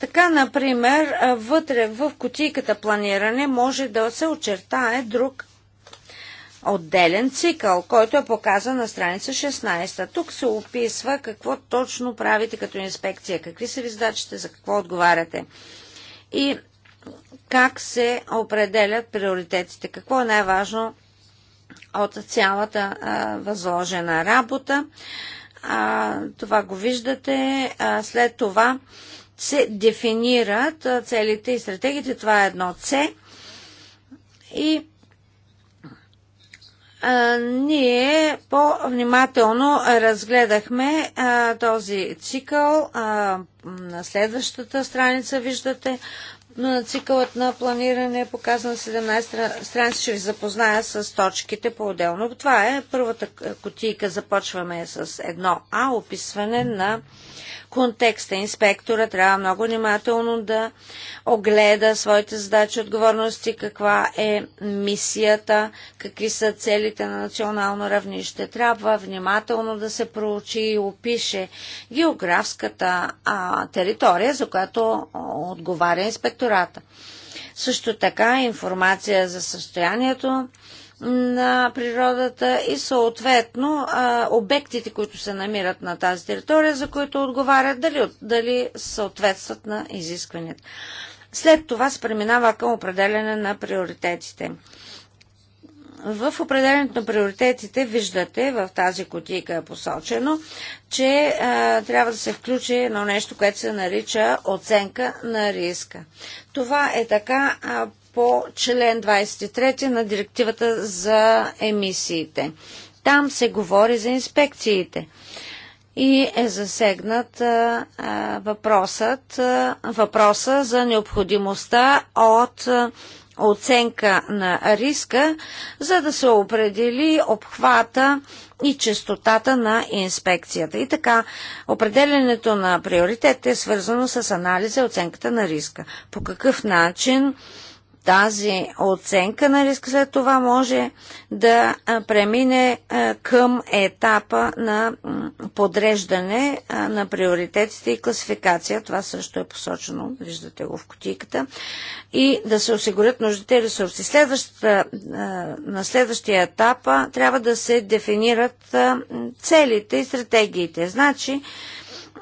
Така, например, вътре в кутийката планиране може да се очертае друг отделен цикъл, който е показан на страница 16. Тук се описва какво точно правите като инспекция, какви са ви задачите, за какво отговаряте и как се определят приоритетите, какво е най-важно от цялата а, възложена работа. А, това го виждате. А, след това се дефинират целите и стратегиите. Това е едно С. И а, ние по-внимателно разгледахме а, този цикъл. А, на следващата страница виждате на Цикълът на планиране е показан 17 страници. Ще ви запозная с точките по-отделно. Това е първата кутийка. Започваме с едно А, описване на контекста. Инспектора трябва много внимателно да огледа своите задачи, и отговорности, каква е мисията, какви са целите на национално равнище. Трябва внимателно да се проучи и опише географската а, територия, за която отговаря инспектората. Също така информация за състоянието на природата и съответно а, обектите, които се намират на тази територия, за които отговарят, дали, дали съответстват на изискванията. След това се преминава към определене на приоритетите. В определенето на приоритетите виждате в тази котика е посочено, че а, трябва да се включи едно нещо, което се нарича оценка на риска. Това е така а, по член 23 на директивата за емисиите. Там се говори за инспекциите и е засегнат а, въпросът, а, въпроса за необходимостта от а, оценка на риска, за да се определи обхвата и частотата на инспекцията. И така, определенето на приоритет е свързано с анализа и оценката на риска. По какъв начин тази оценка на риска след това може да премине към етапа на подреждане на приоритетите и класификация. Това също е посочено, виждате го в котиката. И да се осигурят нужните ресурси. Следващата, на следващия етап трябва да се дефинират целите и стратегиите. Значи,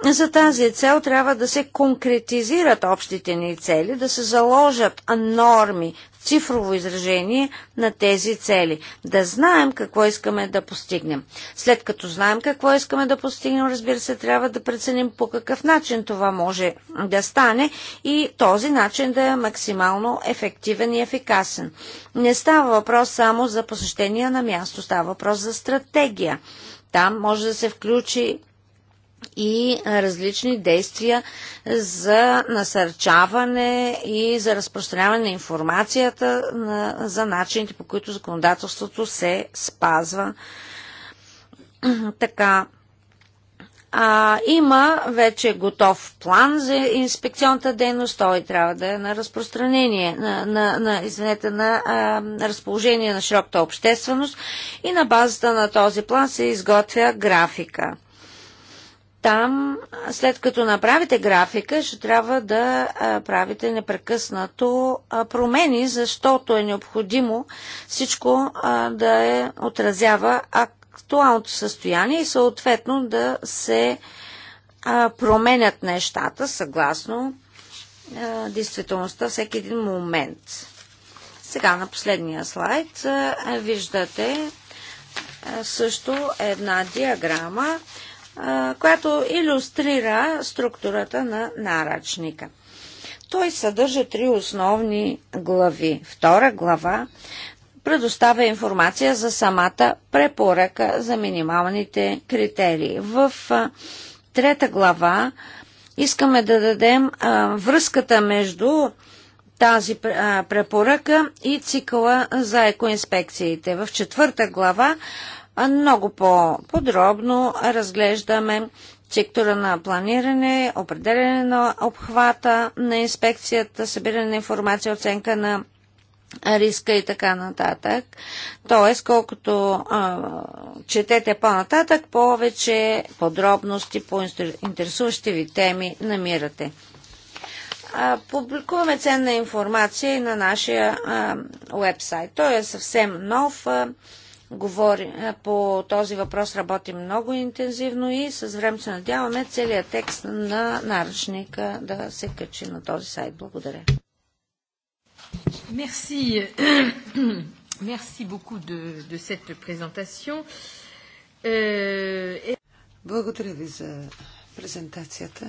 за тази цел трябва да се конкретизират общите ни цели, да се заложат норми в цифрово изражение на тези цели, да знаем какво искаме да постигнем. След като знаем какво искаме да постигнем, разбира се, трябва да преценим по какъв начин това може да стане и този начин да е максимално ефективен и ефикасен. Не става въпрос само за посещение на място, става въпрос за стратегия. Там може да се включи и различни действия за насърчаване и за разпространяване на информацията за начините по които законодателството се спазва. Така, а, има вече готов план за инспекционната дейност. Той трябва да е на разпространение, на, на, на, извинете, на а, на разположение на широката общественост и на базата на този план се изготвя графика. Там, след като направите графика, ще трябва да правите непрекъснато промени, защото е необходимо всичко да е отразява актуалното състояние и съответно да се променят нещата съгласно действителността всеки един момент. Сега на последния слайд виждате също една диаграма, която иллюстрира структурата на наръчника. Той съдържа три основни глави. Втора глава предоставя информация за самата препоръка за минималните критерии. В трета глава искаме да дадем връзката между тази препоръка и цикъла за екоинспекциите. В четвърта глава много по-подробно разглеждаме сектора на планиране, определене на обхвата на инспекцията, събиране на информация, оценка на риска и така нататък. Тоест, колкото а, четете по-нататък, повече подробности по интересуващи ви теми намирате. А, публикуваме ценна информация и на нашия уебсайт. вебсайт. Той е съвсем нов. А, говори, е, по този въпрос работи много интензивно и с време се надяваме целият текст на наръчника да се качи на този сайт. Благодаря. Merci. Merci beaucoup de, de cette présentation. Euh, et... Благодаря ви за презентацията.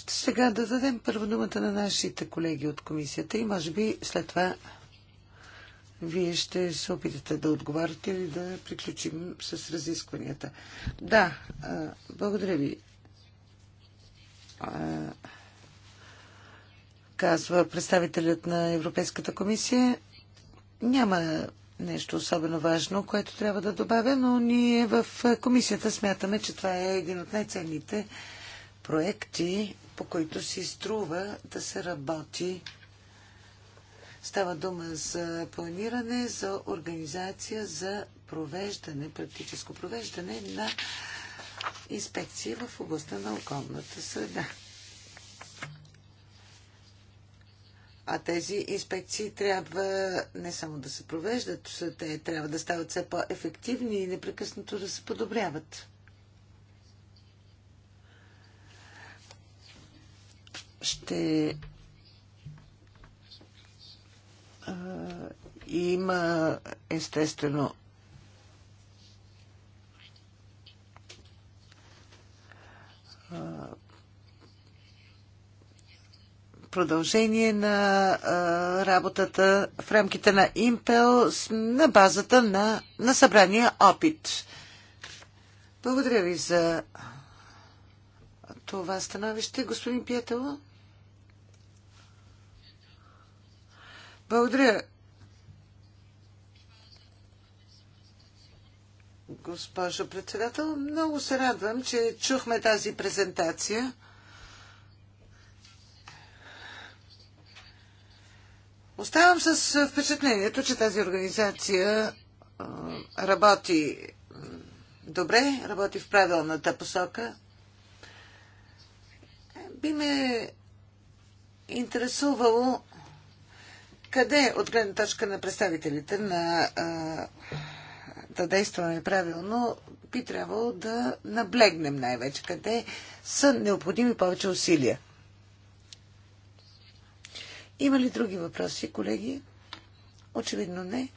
Ще сега да дадем първо думата на нашите колеги от комисията и може би след това вие ще се опитате да отговарите или да приключим с разискванията. Да, благодаря ви. Казва представителят на Европейската комисия. Няма нещо особено важно, което трябва да добавя, но ние в комисията смятаме, че това е един от най-ценните проекти по които си струва да се работи. Става дума за планиране, за организация, за провеждане, практическо провеждане на инспекции в областта на околната среда. А тези инспекции трябва не само да се провеждат, те трябва да стават все по-ефективни и непрекъснато да се подобряват. ще а, има естествено а, продължение на а, работата в рамките на Импел на базата на, на събрания опит. Благодаря ви за това становище, господин Пиетело. Благодаря, госпожо председател. Много се радвам, че чухме тази презентация. Оставам с впечатлението, че тази организация работи добре, работи в правилната посока. Би ме интересувало къде е от гледна точка на представителите на да действаме правилно, би трябвало да наблегнем най-вече къде са необходими повече усилия. Има ли други въпроси, колеги? Очевидно не.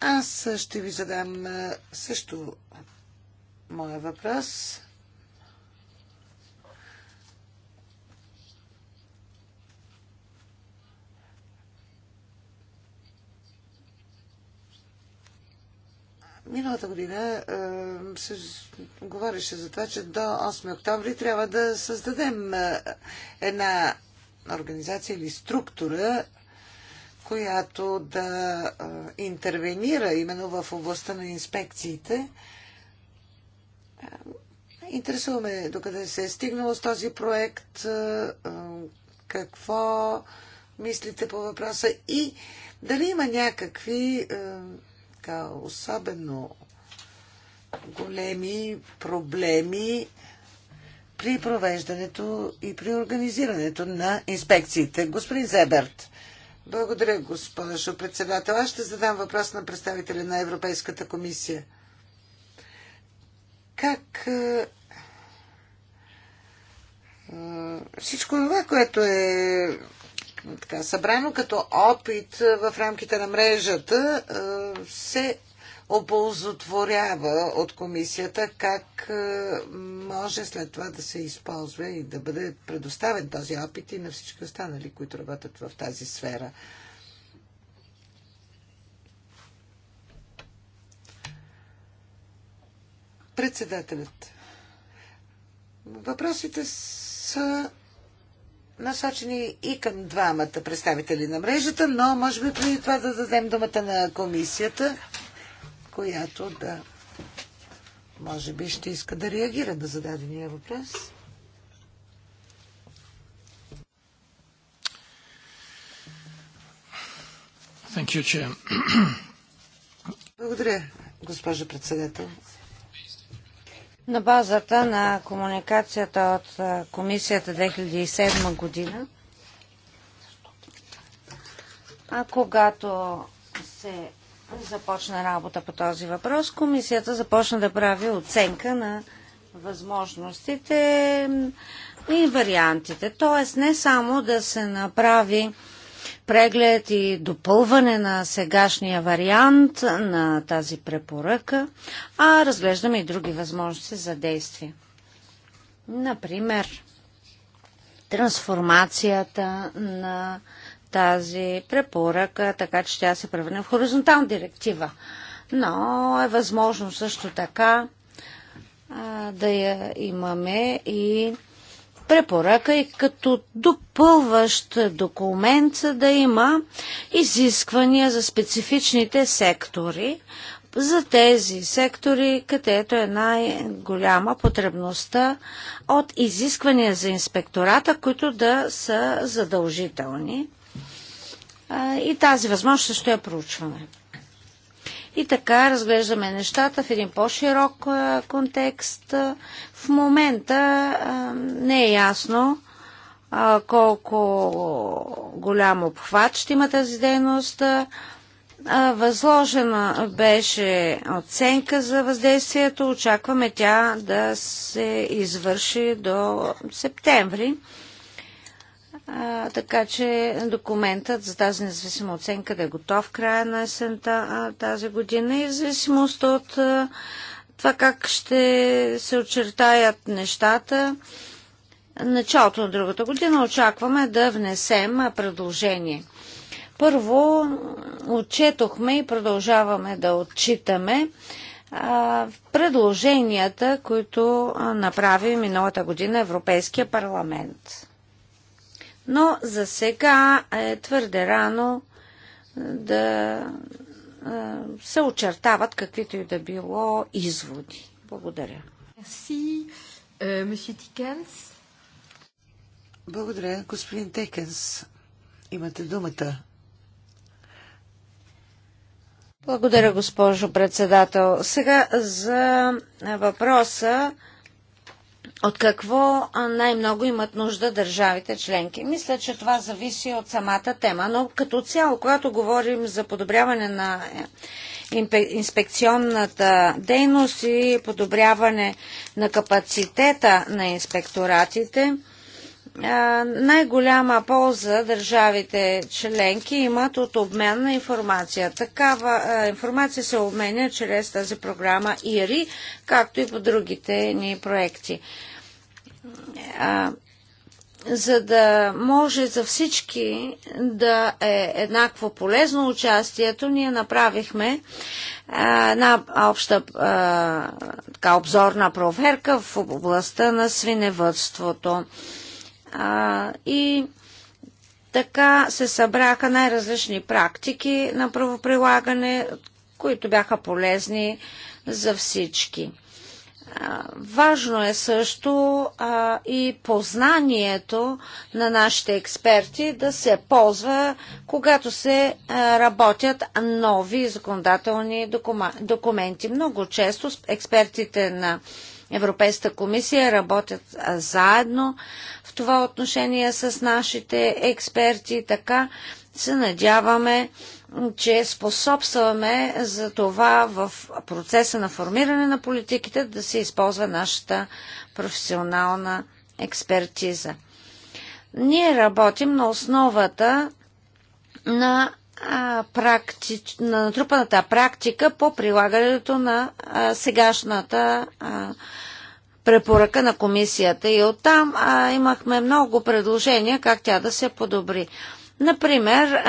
Аз ще ви задам също моя въпрос. Миналата година се говореше за това, че до 8 октомври трябва да създадем една организация или структура, която да интервенира именно в областта на инспекциите. Интересуваме докъде се е стигнало с този проект, какво мислите по въпроса и дали има някакви така особено големи проблеми при провеждането и при организирането на инспекциите. Господин Зеберт, благодаря, госпожо председател. Аз ще задам въпрос на представителя на Европейската комисия. Как е, е, всичко това, което е така, събрано като опит е, в рамките на мрежата е, се оползотворява от комисията, как е, може след това да се използва и да бъде предоставен този опит и на всички останали, които работят в тази сфера. Председателят. Въпросите са насочени и към двамата представители на мрежата, но може би преди това да дадем думата на комисията, която да може би ще иска да реагира на зададения въпрос. You, Благодаря, госпожо председател. На базата на комуникацията от комисията 2007 година, а когато се започна работа по този въпрос, комисията започна да прави оценка на възможностите и вариантите. Тоест не само да се направи преглед и допълване на сегашния вариант на тази препоръка, а разглеждаме и други възможности за действие. Например, трансформацията на тази препоръка, така че тя се превърне в хоризонтална директива. Но е възможно също така а, да я имаме и препоръка и като допълващ документ да има изисквания за специфичните сектори, за тези сектори, където е най-голяма потребността от изисквания за инспектората, които да са задължителни. И тази възможност ще я проучваме. И така разглеждаме нещата в един по-широк контекст. В момента не е ясно колко голям обхват ще има тази дейност. Възложена беше оценка за въздействието. Очакваме тя да се извърши до септември. А, така че документът за тази независима оценка да е готов в края на есента тази година и в зависимост от а, това как ще се очертаят нещата. Началото на другата година очакваме да внесем предложение. Първо отчетохме и продължаваме да отчитаме а, предложенията, които направи миналата година Европейския парламент. Но за сега е твърде рано да се очертават каквито и да било изводи. Благодаря. Euh, Благодаря, господин Текенс. Имате думата. Благодаря, госпожо председател. Сега за въпроса от какво най-много имат нужда държавите членки. Мисля, че това зависи от самата тема, но като цяло, когато говорим за подобряване на е, инспекционната дейност и подобряване на капацитета на инспекторатите, най-голяма полза държавите членки имат от обмен на информация. Такава информация се обменя чрез тази програма ИРИ, както и по другите ни проекти а, за да може за всички да е еднакво полезно участието, ние направихме а, една обща а, така, обзорна проверка в областта на свиневътството. А, и така се събраха най-различни практики на правоприлагане, които бяха полезни за всички. Важно е също а, и познанието на нашите експерти да се ползва, когато се а, работят нови законодателни докума, документи. Много често експертите на Европейската комисия работят а, заедно в това отношение с нашите експерти. Така се надяваме че способстваме за това в процеса на формиране на политиките да се използва нашата професионална експертиза. Ние работим на основата на, практи... на натрупаната практика по прилагането на сегашната препоръка на комисията и оттам имахме много предложения как тя да се подобри. Например,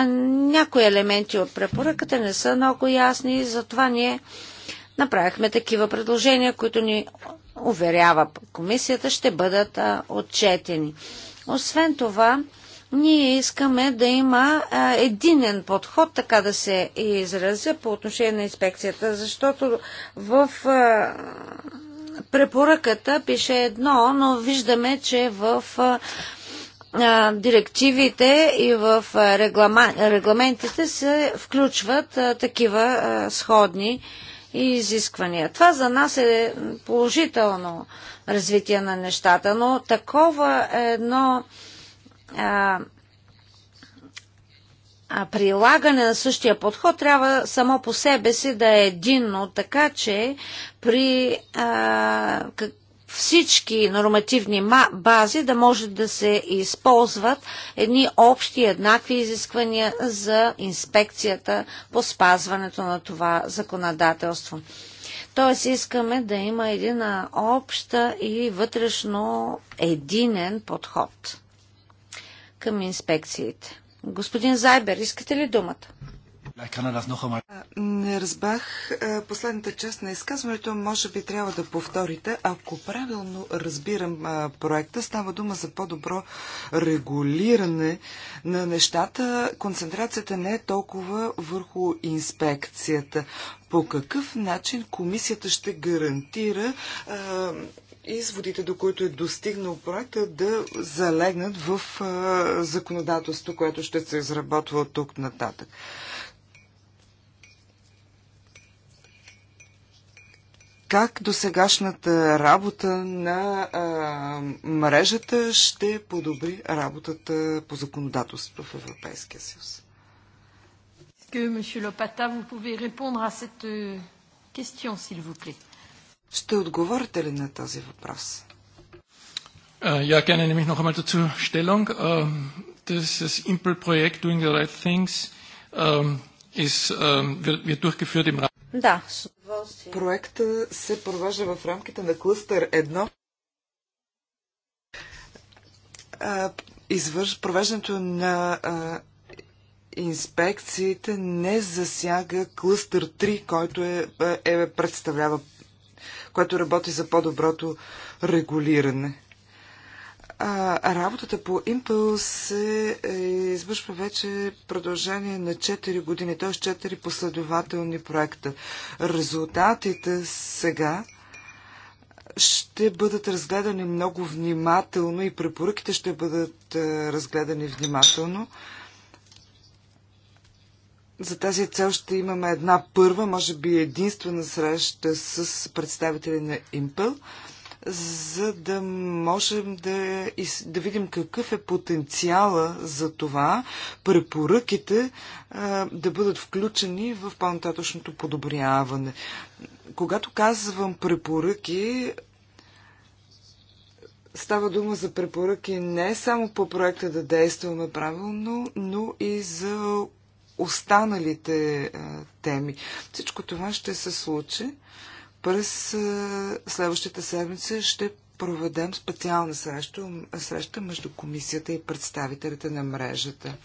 някои елементи от препоръката не са много ясни, затова ние направихме такива предложения, които ни уверява комисията, ще бъдат а, отчетени. Освен това, ние искаме да има а, единен подход, така да се изразя, по отношение на инспекцията, защото в а, препоръката пише едно, но виждаме, че в а, директивите и в регламентите се включват такива сходни изисквания. Това за нас е положително развитие на нещата, но такова е едно прилагане на същия подход трябва само по себе си да е единно, така че при а, всички нормативни бази да може да се използват едни общи еднакви изисквания за инспекцията по спазването на това законодателство. Тоест искаме да има един обща и вътрешно единен подход към инспекциите. Господин Зайбер, искате ли думата? Е, не разбрах последната част на изказването. Може би трябва да повторите. Ако правилно разбирам проекта, става дума за по-добро регулиране на нещата. Концентрацията не е толкова върху инспекцията. По какъв начин комисията ще гарантира изводите, до които е достигнал проекта, да залегнат в законодателство, което ще се изработва от тук нататък? как досегашната работа на а, мрежата ще подобри работата по законодателството в Европейския съюз. Euh, ще отговорите ли на този въпрос? Äh, ja, gerne nehme ich noch einmal dazu Stellung. Ähm, das Impel-Projekt Doing the Right Things ähm, ist, ähm, wird durchgeführt im Rahmen да, с удоволствие. Проекта се провежда в рамките на клъстър 1. Извърж... провеждането на а, инспекциите не засяга клъстър 3, който е, е, е представлява, който работи за по-доброто регулиране. А, работата по импулс се е, извършва вече продължение на 4 години, т.е. 4 последователни проекта. Резултатите сега ще бъдат разгледани много внимателно и препоръките ще бъдат е, разгледани внимателно. За тази цел ще имаме една първа, може би единствена среща с представители на Импъл за да можем да, да видим какъв е потенциала за това препоръките а, да бъдат включени в по-нататъчното подобряване. Когато казвам препоръки, става дума за препоръки не само по проекта да действаме правилно, но и за останалите а, теми. Всичко това ще се случи през е, следващата седмица ще проведем специална среща, среща между комисията и представителите на мрежата.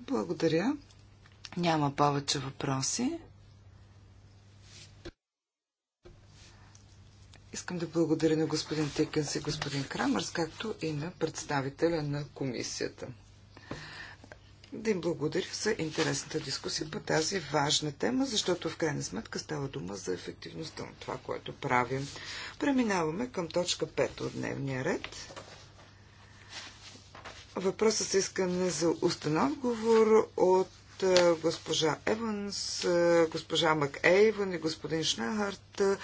Благодаря. Няма повече въпроси. Искам да благодаря на господин Тикенс и господин Крамърс, както и на представителя на комисията да им благодаря за интересната дискусия по тази важна тема, защото в крайна сметка става дума за ефективността на това, което правим. Преминаваме към точка 5 от дневния ред. Въпросът с искане за устен отговор от е, госпожа Еванс, е, госпожа Мак Ейван и господин Шнахарт е,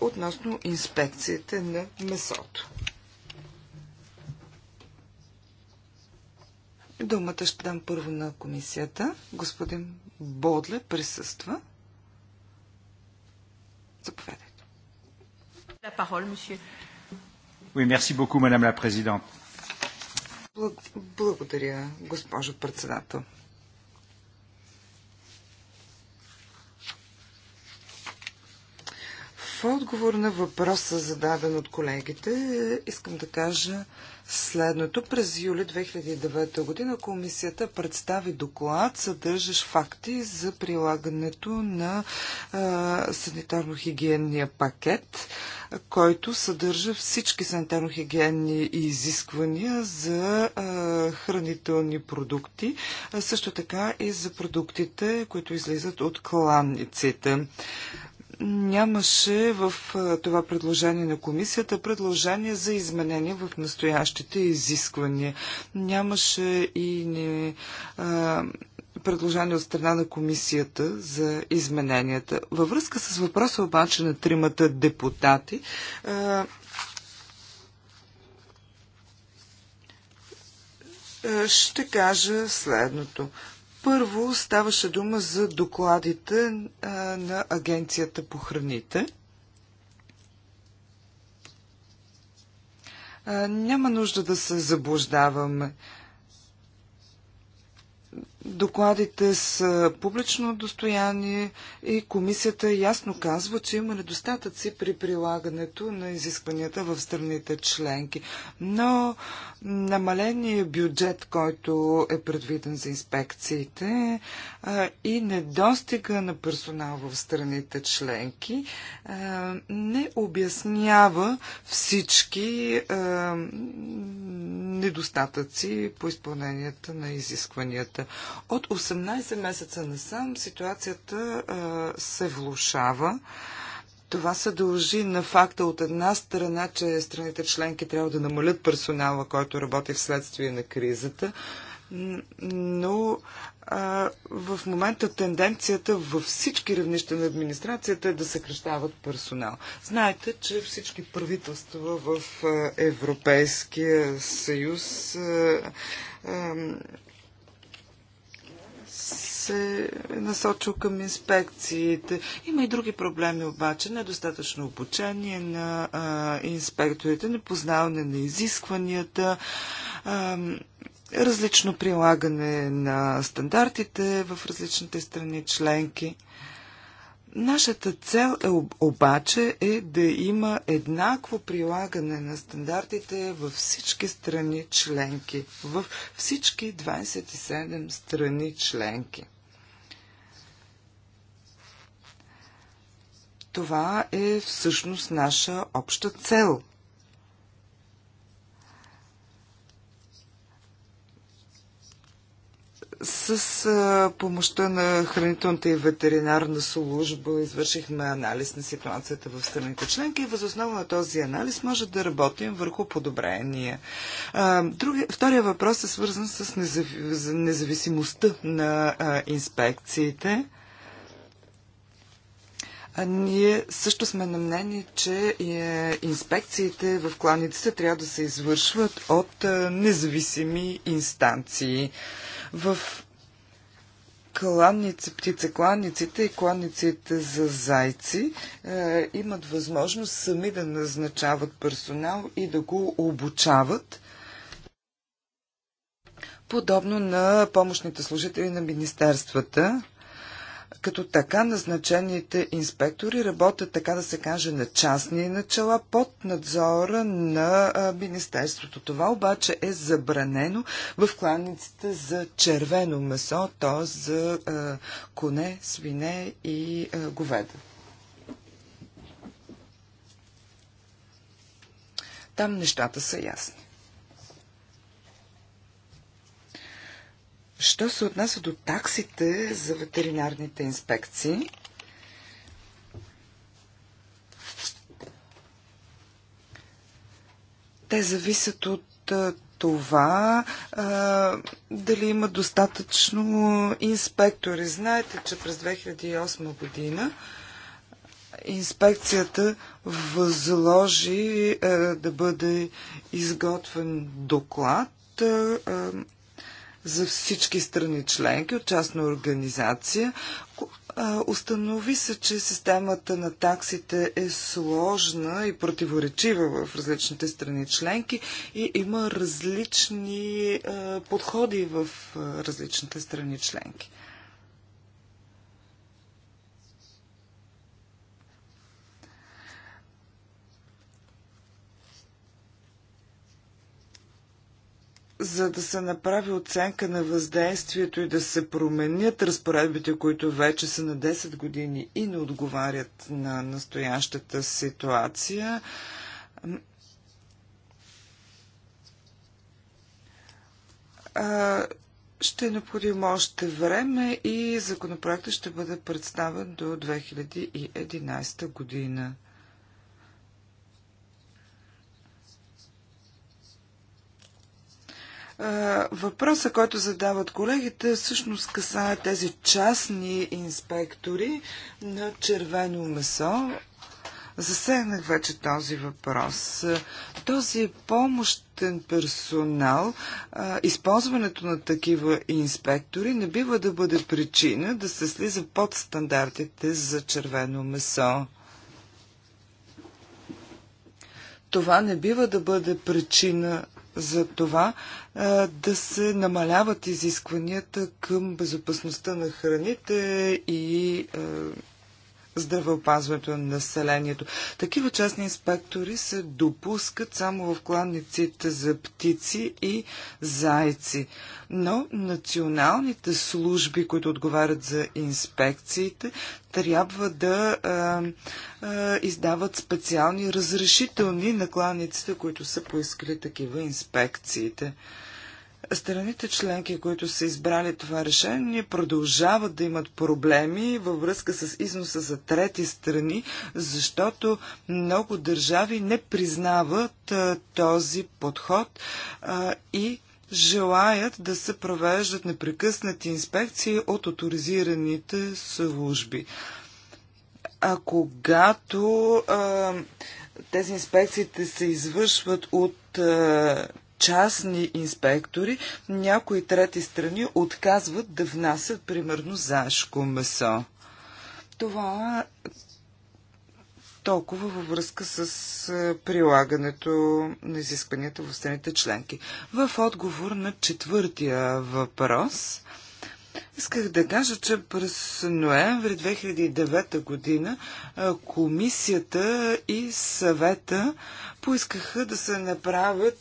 относно инспекциите на месото. Думата ще дам първо на комисията. Господин Бодле присъства. Заповядайте. La parole, monsieur. Oui, merci beaucoup, madame la présidente. Благодаря, госпожо председател. В отговор на въпроса, зададен от колегите, искам да кажа следното. През юли 2009 година комисията представи доклад, съдържащ факти за прилагането на санитарно-хигиенния пакет, който съдържа всички санитарно-хигиенни изисквания за а, хранителни продукти, а също така и за продуктите, които излизат от кланниците нямаше в това предложение на комисията предложение за изменение в настоящите изисквания. Нямаше и не, а, предложение от страна на комисията за измененията. Във връзка с въпроса обаче на тримата депутати, а, ще кажа следното. Първо ставаше дума за докладите а, на Агенцията по храните. А, няма нужда да се заблуждаваме. Докладите са публично достояние и комисията ясно казва, че има недостатъци при прилагането на изискванията в страните членки. Но намаленият бюджет, който е предвиден за инспекциите и недостига на персонал в страните членки не обяснява всички недостатъци по изпълнението на изискванията. От 18 месеца насам ситуацията се влушава. Това се дължи на факта от една страна, че страните членки трябва да намалят персонала, който работи вследствие на кризата, но а, в момента тенденцията във всички равнища на администрацията е да съкръщават персонал. Знаете, че всички правителства в Европейския съюз а, а, се е насочил към инспекциите. Има и други проблеми обаче. Недостатъчно обучение на а, инспекторите, непознаване на изискванията, а, различно прилагане на стандартите в различните страни членки. Нашата цел е, обаче е да има еднакво прилагане на стандартите във всички страни членки, във всички 27 страни членки. Това е всъщност наша обща цел. С а, помощта на хранителната и ветеринарна служба извършихме анализ на ситуацията в страните членки и възоснова на този анализ може да работим върху подобрения. А, други, втория въпрос е свързан с незави, независимостта на а, инспекциите. Ние също сме на мнение, че е, инспекциите в кланиците трябва да се извършват от е, независими инстанции. В кланници, птицекланниците и кланниците за зайци е, имат възможност сами да назначават персонал и да го обучават, подобно на помощните служители на министерствата като така назначените инспектори работят, така да се каже, на частни начала под надзора на Министерството. Това обаче е забранено в кланиците за червено месо, т.е. за коне, свине и говеда. Там нещата са ясни. Що се отнася до таксите за ветеринарните инспекции, те зависят от това а, дали има достатъчно инспектори. Знаете, че през 2008 година инспекцията възложи а, да бъде изготвен доклад а, за всички страни членки от частна организация. Установи се, че системата на таксите е сложна и противоречива в различните страни членки и има различни подходи в различните страни членки. за да се направи оценка на въздействието и да се променят разпоредбите, които вече са на 10 години и не отговарят на настоящата ситуация. Ще е необходимо още време и законопроектът ще бъде представен до 2011 година. Въпросът, който задават колегите, всъщност касае тези частни инспектори на червено месо. Засегнах вече този въпрос. Този помощен персонал, използването на такива инспектори не бива да бъде причина да се слиза под стандартите за червено месо. Това не бива да бъде причина за това да се намаляват изискванията към безопасността на храните и здравеопазването на населението. Такива частни инспектори се допускат само в кланниците за птици и зайци. Но националните служби, които отговарят за инспекциите, трябва да а, а, издават специални разрешителни на кланниците, които са поискали такива инспекциите. Страните членки, които са избрали това решение, продължават да имат проблеми във връзка с износа за трети страни, защото много държави не признават а, този подход а, и желаят да се провеждат непрекъснати инспекции от авторизираните служби. А когато а, тези инспекциите се извършват от а, частни инспектори, някои трети страни отказват да внасят, примерно, зашко месо. Това толкова във връзка с прилагането на изискванията в страните членки. В отговор на четвъртия въпрос – Исках да кажа, че през ноември 2009 година комисията и съвета поискаха да се направят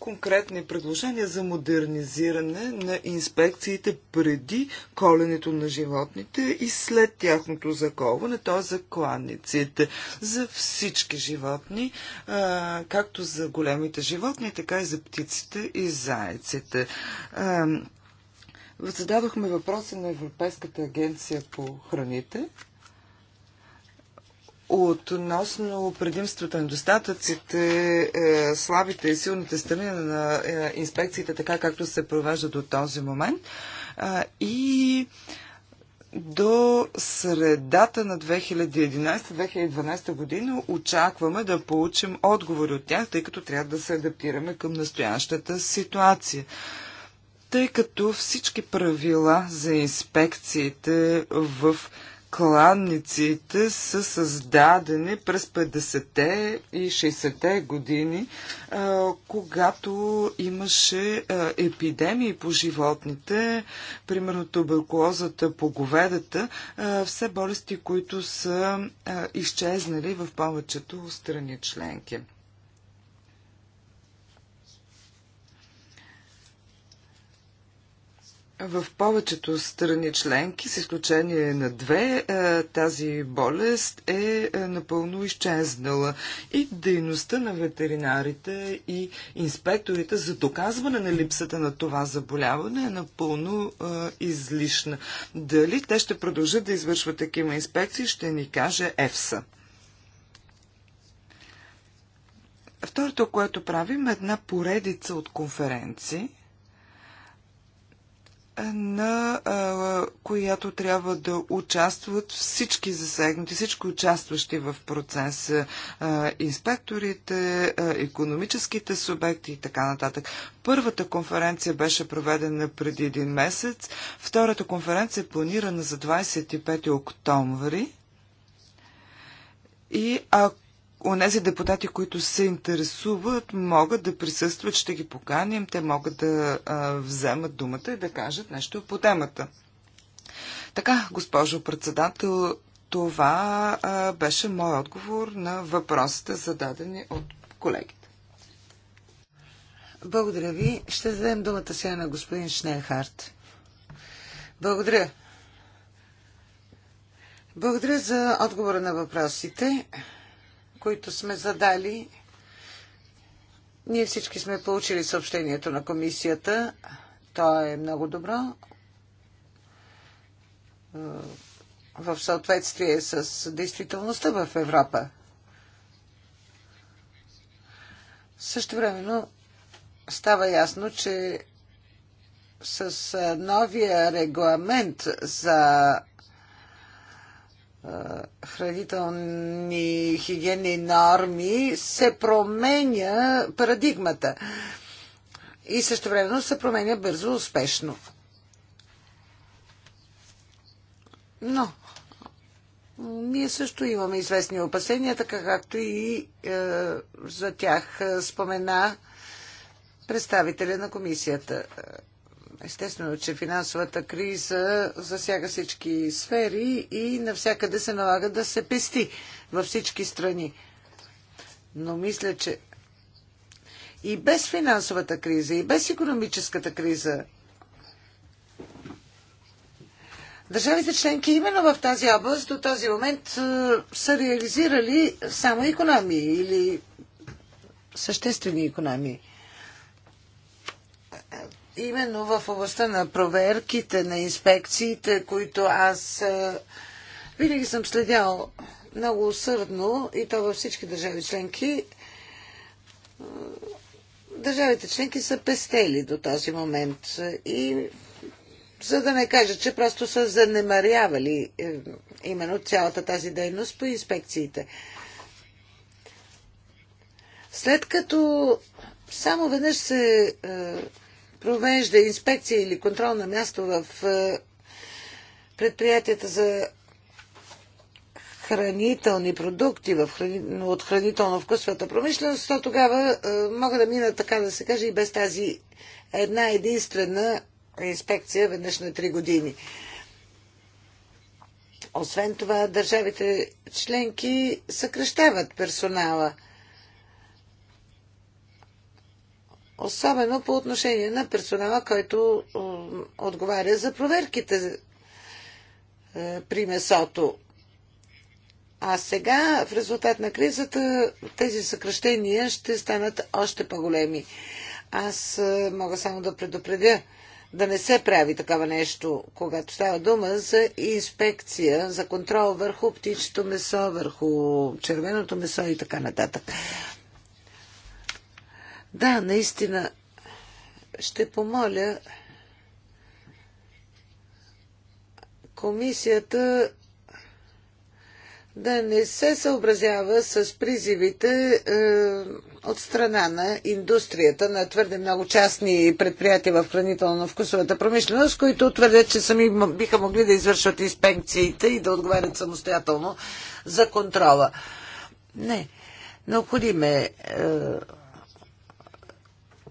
конкретни предложения за модернизиране на инспекциите преди коленето на животните и след тяхното заковане, т.е. за кланниците, за всички животни, както за големите животни, така и за птиците и зайците зададохме въпроси на Европейската агенция по храните относно предимствата, на достатъците, е, слабите и силните страни на е, инспекциите, така както се провежда до този момент. И до средата на 2011-2012 година очакваме да получим отговори от тях, тъй като трябва да се адаптираме към настоящата ситуация тъй като всички правила за инспекциите в кладниците са създадени през 50-те и 60-те години, когато имаше епидемии по животните, примерно туберкулозата по говедата, все болести, които са изчезнали в повечето страни членки. В повечето страни членки, с изключение на две, е, тази болест е, е напълно изчезнала. И дейността на ветеринарите и инспекторите за доказване на липсата на това заболяване е напълно е, излишна. Дали те ще продължат да извършват такива инспекции, ще ни каже ЕФСА. Второто, което правим, е една поредица от конференции – на а, която трябва да участват всички засегнати, всички участващи в процеса, а, инспекторите, а, економическите субекти и така нататък. Първата конференция беше проведена преди един месец, втората конференция е планирана за 25 октомври. И ако Онези депутати, които се интересуват, могат да присъстват, ще ги поканим, те могат да а, вземат думата и да кажат нещо по темата. Така, госпожо председател, това а, беше мой отговор на въпросите, зададени от колегите. Благодаря ви. Ще дадем думата сега на господин Шнейхарт. Благодаря. Благодаря за отговора на въпросите които сме задали. Ние всички сме получили съобщението на комисията. То е много добро. Е, в съответствие с действителността в Европа. Също времено става ясно, че с е, новия регламент за хранителни хигиенни норми се променя парадигмата и също времено се променя бързо успешно. Но ние също имаме известни опасения, така както и е, за тях е, спомена представителя на комисията. Естествено, че финансовата криза засяга всички сфери и навсякъде се налага да се пести във всички страни. Но мисля, че и без финансовата криза, и без економическата криза, държавите членки именно в тази област до този момент е, са реализирали само економии или съществени економии именно в областта на проверките, на инспекциите, които аз е, винаги съм следял много усърдно и то във всички държави членки, е, държавите членки са пестели до този момент. И за да не кажа, че просто са занемарявали е, именно цялата тази дейност по инспекциите. След като само веднъж се е, провежда инспекция или контрол на място в е, предприятията за хранителни продукти в храни... от хранително вкусвата промишленост, то тогава е, мога да мина, така да се каже, и без тази една единствена инспекция веднъж на три години. Освен това, държавите членки съкръщават персонала – Особено по отношение на персонала, който отговаря за проверките е, при месото. А сега, в резултат на кризата, тези съкръщения ще станат още по-големи. Аз е, мога само да предупредя да не се прави такава нещо, когато става дума за инспекция, за контрол върху птичето месо, върху червеното месо и така нататък. Да, наистина ще помоля комисията да не се съобразява с призивите е, от страна на индустрията на твърде много частни предприятия в хранително-вкусовата промишленост, които твърдят, че сами биха могли да извършват инспекциите и да отговарят самостоятелно за контрола. Не. Необходим е, е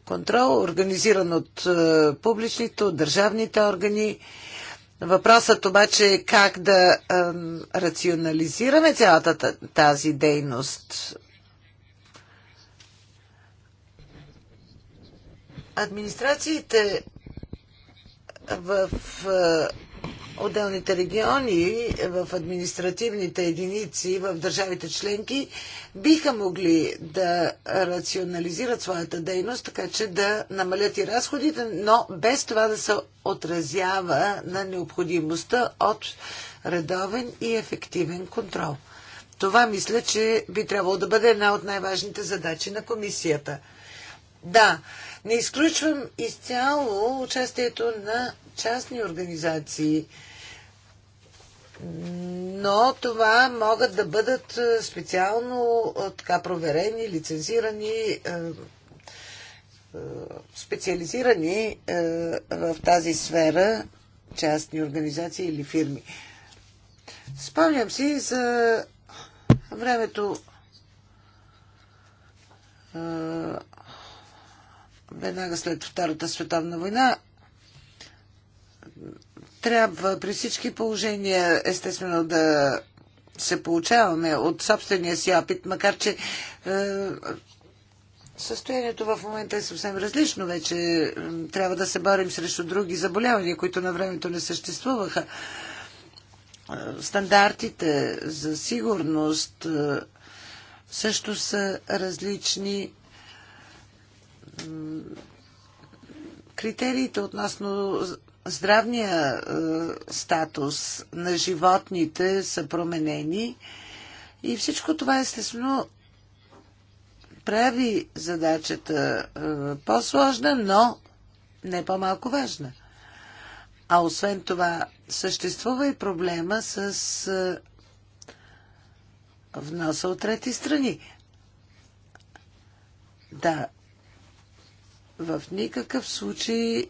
контрол, организиран от е, публичните, от държавните органи. Въпросът обаче е как да рационализираме цялата тази дейност. Администрациите в е, отделните региони в административните единици в държавите членки биха могли да рационализират своята дейност, така че да намалят и разходите, но без това да се отразява на необходимостта от редовен и ефективен контрол. Това мисля, че би трябвало да бъде една от най-важните задачи на комисията. Да, не изключвам изцяло участието на частни организации, но това могат да бъдат е, специално е, така проверени, лицензирани е, специализирани в тази сфера частни организации или фирми. Спомням си за времето веднага след Втората световна война, трябва при всички положения, естествено, да се получаваме от собствения си опит, макар че е, състоянието в момента е съвсем различно. Вече е, трябва да се борим срещу други заболявания, които на времето не съществуваха. Е, стандартите за сигурност е, също са различни критериите относно здравния е, статус на животните са променени и всичко това естествено прави задачата е, по-сложна, но не по-малко важна. А освен това, съществува и проблема с е, вноса от трети страни. Да, в никакъв случай е,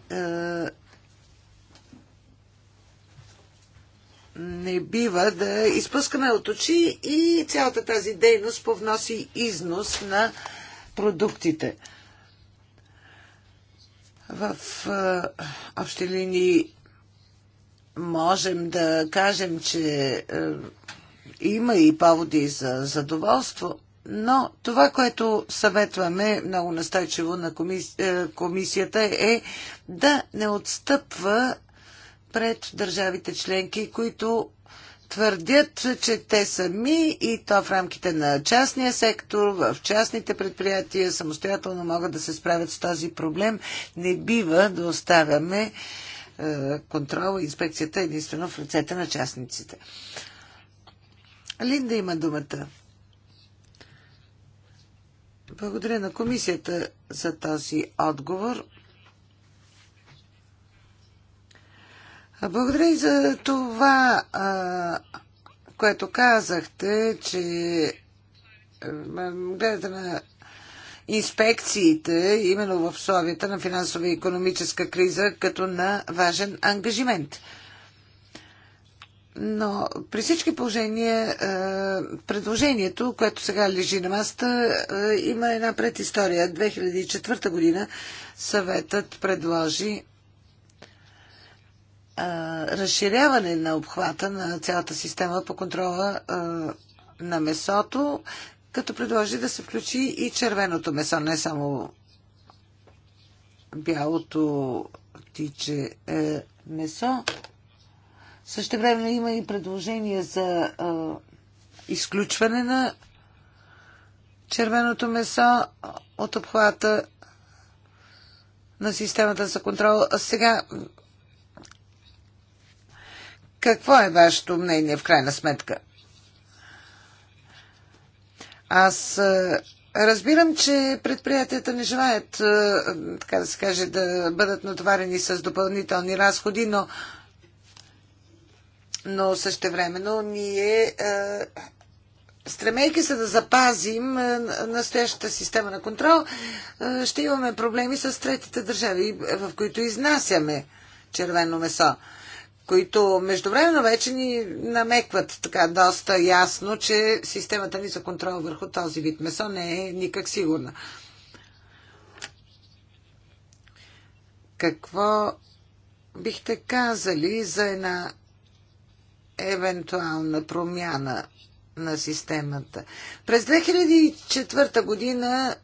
не бива да изпускаме от очи и цялата тази дейност по внос и износ на продуктите. В е, общи линии можем да кажем, че е, има и поводи за задоволство – но това, което съветваме много настойчиво на е, комисията е да не отстъпва пред държавите членки, които твърдят, че те сами и то в рамките на частния сектор, в частните предприятия самостоятелно могат да се справят с този проблем. Не бива да оставяме е, контрола и инспекцията единствено в ръцете на частниците. Линда има думата. Благодаря на комисията за този отговор. Благодаря и за това, което казахте, че гледате на инспекциите именно в условията на финансова и економическа криза като на важен ангажимент – но при всички положения е, предложението, което сега лежи на масата, е, има една предистория. 2004 година съветът предложи е, разширяване на обхвата на цялата система по контрола на месото, като предложи да се включи и червеното месо, не само бялото птиче месо. Също време има и предложение за а, изключване на червеното месо от обхвата на системата за контрол. А сега, какво е вашето мнение в крайна сметка? Аз разбирам, че предприятията не желаят, така да се каже, да бъдат натоварени с допълнителни разходи, но но същевременно ние е, стремейки се да запазим е, настоящата система на контрол, е, ще имаме проблеми с третите държави, в които изнасяме червено месо, които междувременно вече ни намекват така доста ясно, че системата ни за контрол върху този вид месо не е никак сигурна. Какво бихте казали за една евентуална промяна на системата. През 2004 година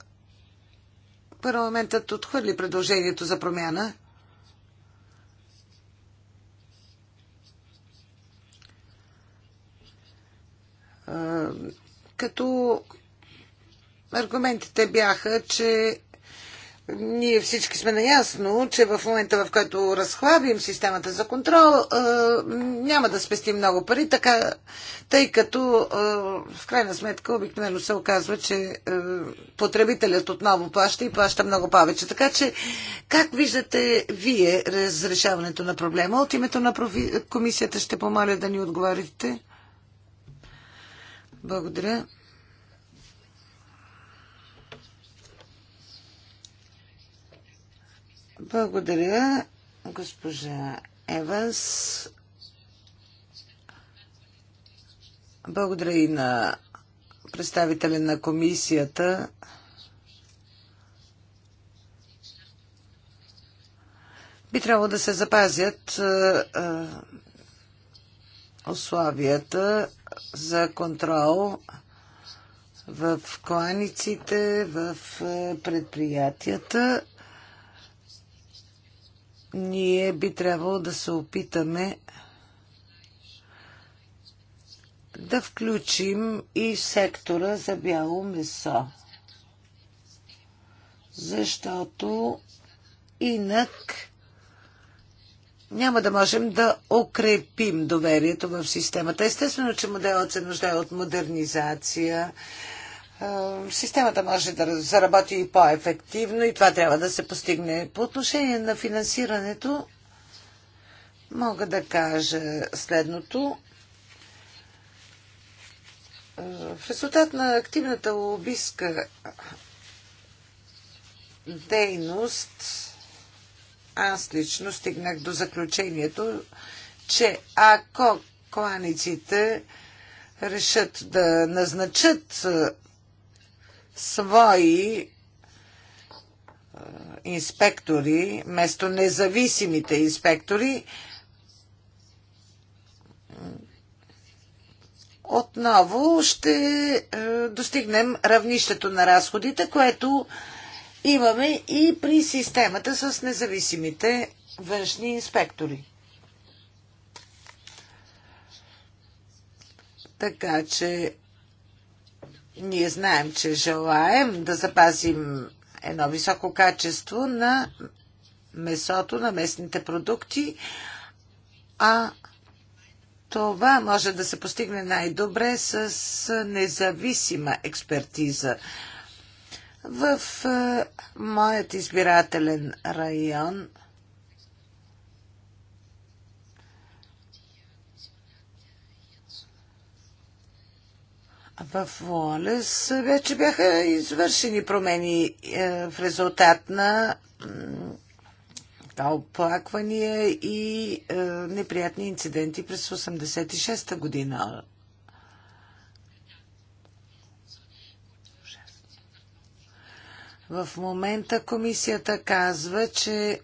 парламентът отхвърли предложението за промяна. Като аргументите бяха, че ние всички сме наясно, че в момента, в който разхлабим системата за контрол, е, няма да спестим много пари, така, тъй като е, в крайна сметка обикновено се оказва, че е, потребителят отново плаща и плаща много повече. Така че, как виждате вие разрешаването на проблема? От името на профи... комисията ще помоля да ни отговорите. Благодаря. Благодаря, госпожа Еванс. Благодаря и на представителя на комисията. Би трябвало да се запазят е, е, условията за контрол в кланиците, в е, предприятията ние би трябвало да се опитаме да включим и сектора за бяло месо. Защото инак няма да можем да укрепим доверието в системата. Естествено, че моделът се нуждае от модернизация, е, системата може да заработи и по-ефективно и това трябва да се постигне. По отношение на финансирането мога да кажа следното. Е, в резултат на активната лобиска дейност аз лично стигнах до заключението, че ако кланиците решат да назначат свои е, инспектори, вместо независимите инспектори, отново ще е, достигнем равнището на разходите, което имаме и при системата с независимите външни инспектори. Така че ние знаем, че желаем да запазим едно високо качество на месото, на местните продукти, а това може да се постигне най-добре с независима експертиза. В е, моят избирателен район В Уолес вече бяха извършени промени е, в резултат на оплаквания и е, неприятни инциденти през 86-та година. В момента комисията казва, че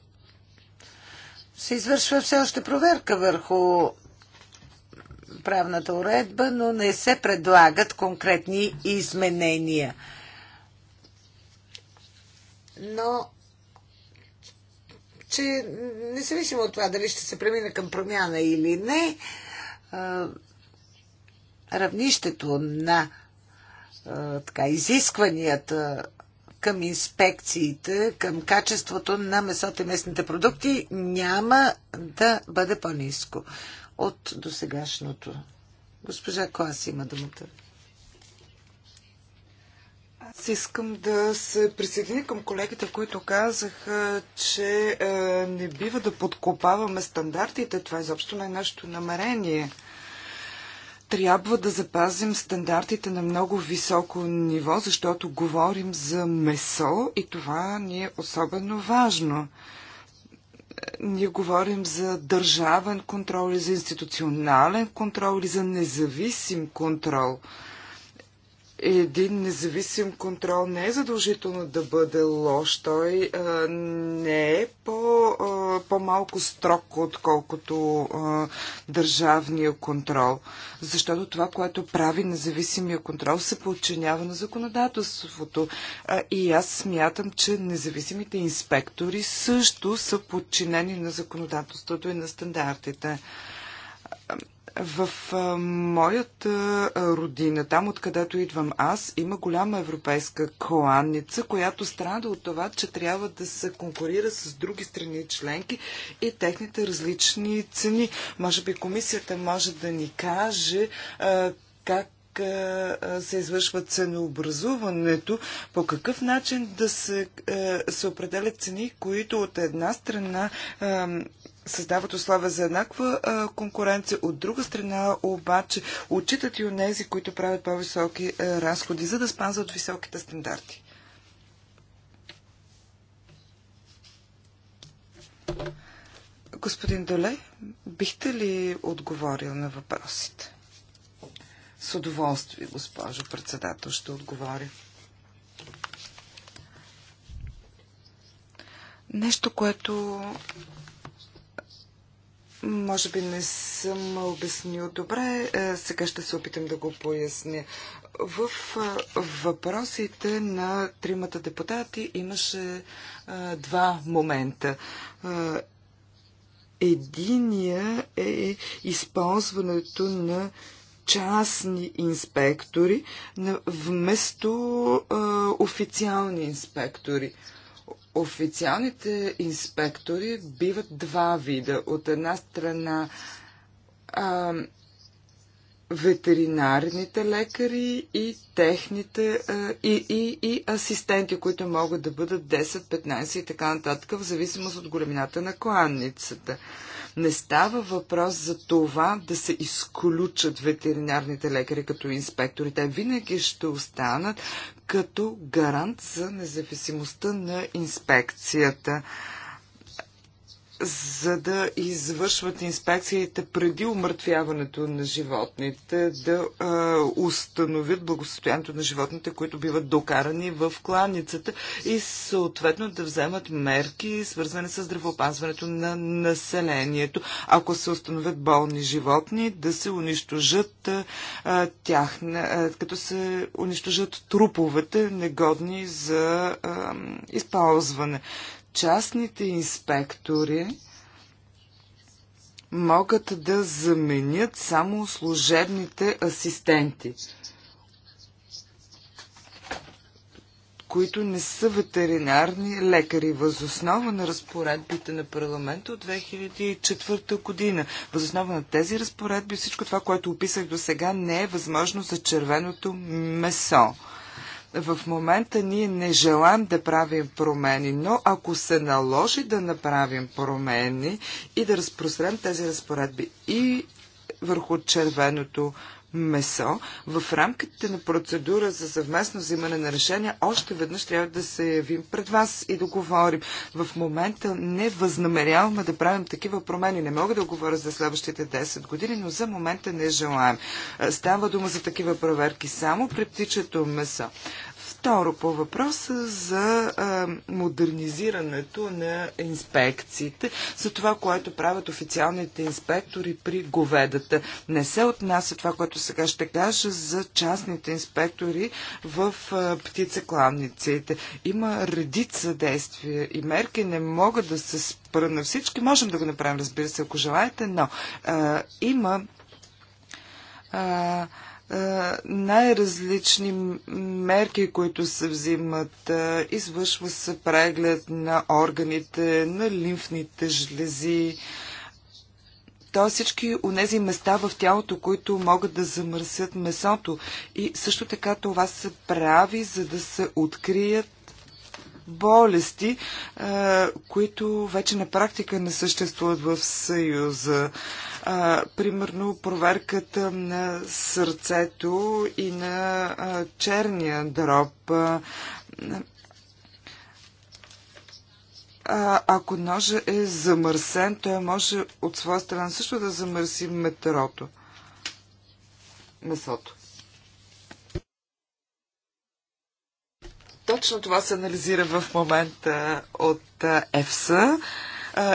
се извършва все още проверка върху правната уредба, но не се предлагат конкретни изменения. Но че независимо от това дали ще се премине към промяна или не, равнището на така, изискванията към инспекциите, към качеството на месото и местните продукти няма да бъде по-низко от досегашното. Госпожа Клас има думата. Аз искам да се присъединя към колегите, които казаха, че е, не бива да подкопаваме стандартите. Това изобщо не е нашето намерение. Трябва да запазим стандартите на много високо ниво, защото говорим за месо и това ни е особено важно ние говорим за държавен контрол или за институционален контрол или за независим контрол един независим контрол не е задължително да бъде лош. Той а, не е по, а, по-малко строг, отколкото а, държавния контрол. Защото това, което прави независимия контрол, се подчинява на законодателството. А, и аз смятам, че независимите инспектори също са подчинени на законодателството и на стандартите. В моята родина, там откъдето идвам аз, има голяма европейска кланница, която страда от това, че трябва да се конкурира с други страни членки и техните различни цени. Може би комисията може да ни каже как се извършва ценообразуването, по какъв начин да се, се определят цени, които от една страна създават условия за еднаква а, конкуренция, от друга страна обаче отчитат и онези, които правят по-високи разходи, за да спазват високите стандарти. Господин Доле, бихте ли отговорил на въпросите? С удоволствие, госпожо председател, ще отговоря. Нещо, което може би не съм обяснил добре. Е, сега ще се опитам да го поясня. В е, въпросите на тримата депутати имаше е, два момента. Единия е използването на частни инспектори вместо официални инспектори. Официалните инспектори биват два вида. От една страна а, ветеринарните лекари и техните а, и, и, и асистенти, които могат да бъдат 10, 15 и така нататък, в зависимост от големината на кланницата. А, не става въпрос за това да се изключат ветеринарните лекари като инспектори. Те винаги ще останат като гарант за независимостта на инспекцията за да извършват инспекциите преди умъртвяването на животните, да а, установят благосостоянието на животните, които биват докарани в кланицата и съответно да вземат мерки, свързани с здравеопазването на населението. Ако се установят болни животни, да се унищожат а, тях, а, като се унищожат труповете, негодни за а, използване частните инспектори могат да заменят само служебните асистенти, които не са ветеринарни лекари, възоснова на разпоредбите на парламента от 2004 година. Възоснова на тези разпоредби всичко това, което описах до сега, не е възможно за червеното месо. В момента ние не желаем да правим промени, но ако се наложи да направим промени и да разпространим тези разпоредби и върху червеното месо, в рамките на процедура за съвместно взимане на решения, още веднъж трябва да се явим пред вас и да говорим. В момента не възнамеряваме да правим такива промени. Не мога да говоря за следващите 10 години, но за момента не желаем. Е, става дума за такива проверки само при птичето месо. Второ, по въпроса за а, модернизирането на инспекциите, за това, което правят официалните инспектори при говедата. Не се отнася това, което сега ще кажа за частните инспектори в а, птицекланниците. Има редица действия и мерки, не могат да се спра на всички. Можем да го направим, разбира се, ако желаете, но а, има а, е, най-различни мерки, които се взимат. Е, извършва се преглед на органите, на лимфните жлези, т.е. всички онези места в тялото, които могат да замърсят месото. И също така това се прави, за да се открият болести, е, които вече на практика не съществуват в Съюза. Е, примерно проверката на сърцето и на е, черния дроб а, ако ножа е замърсен, той може от своя страна също да замърси метрото. Месото. Точно това се анализира в момента от ЕФСА.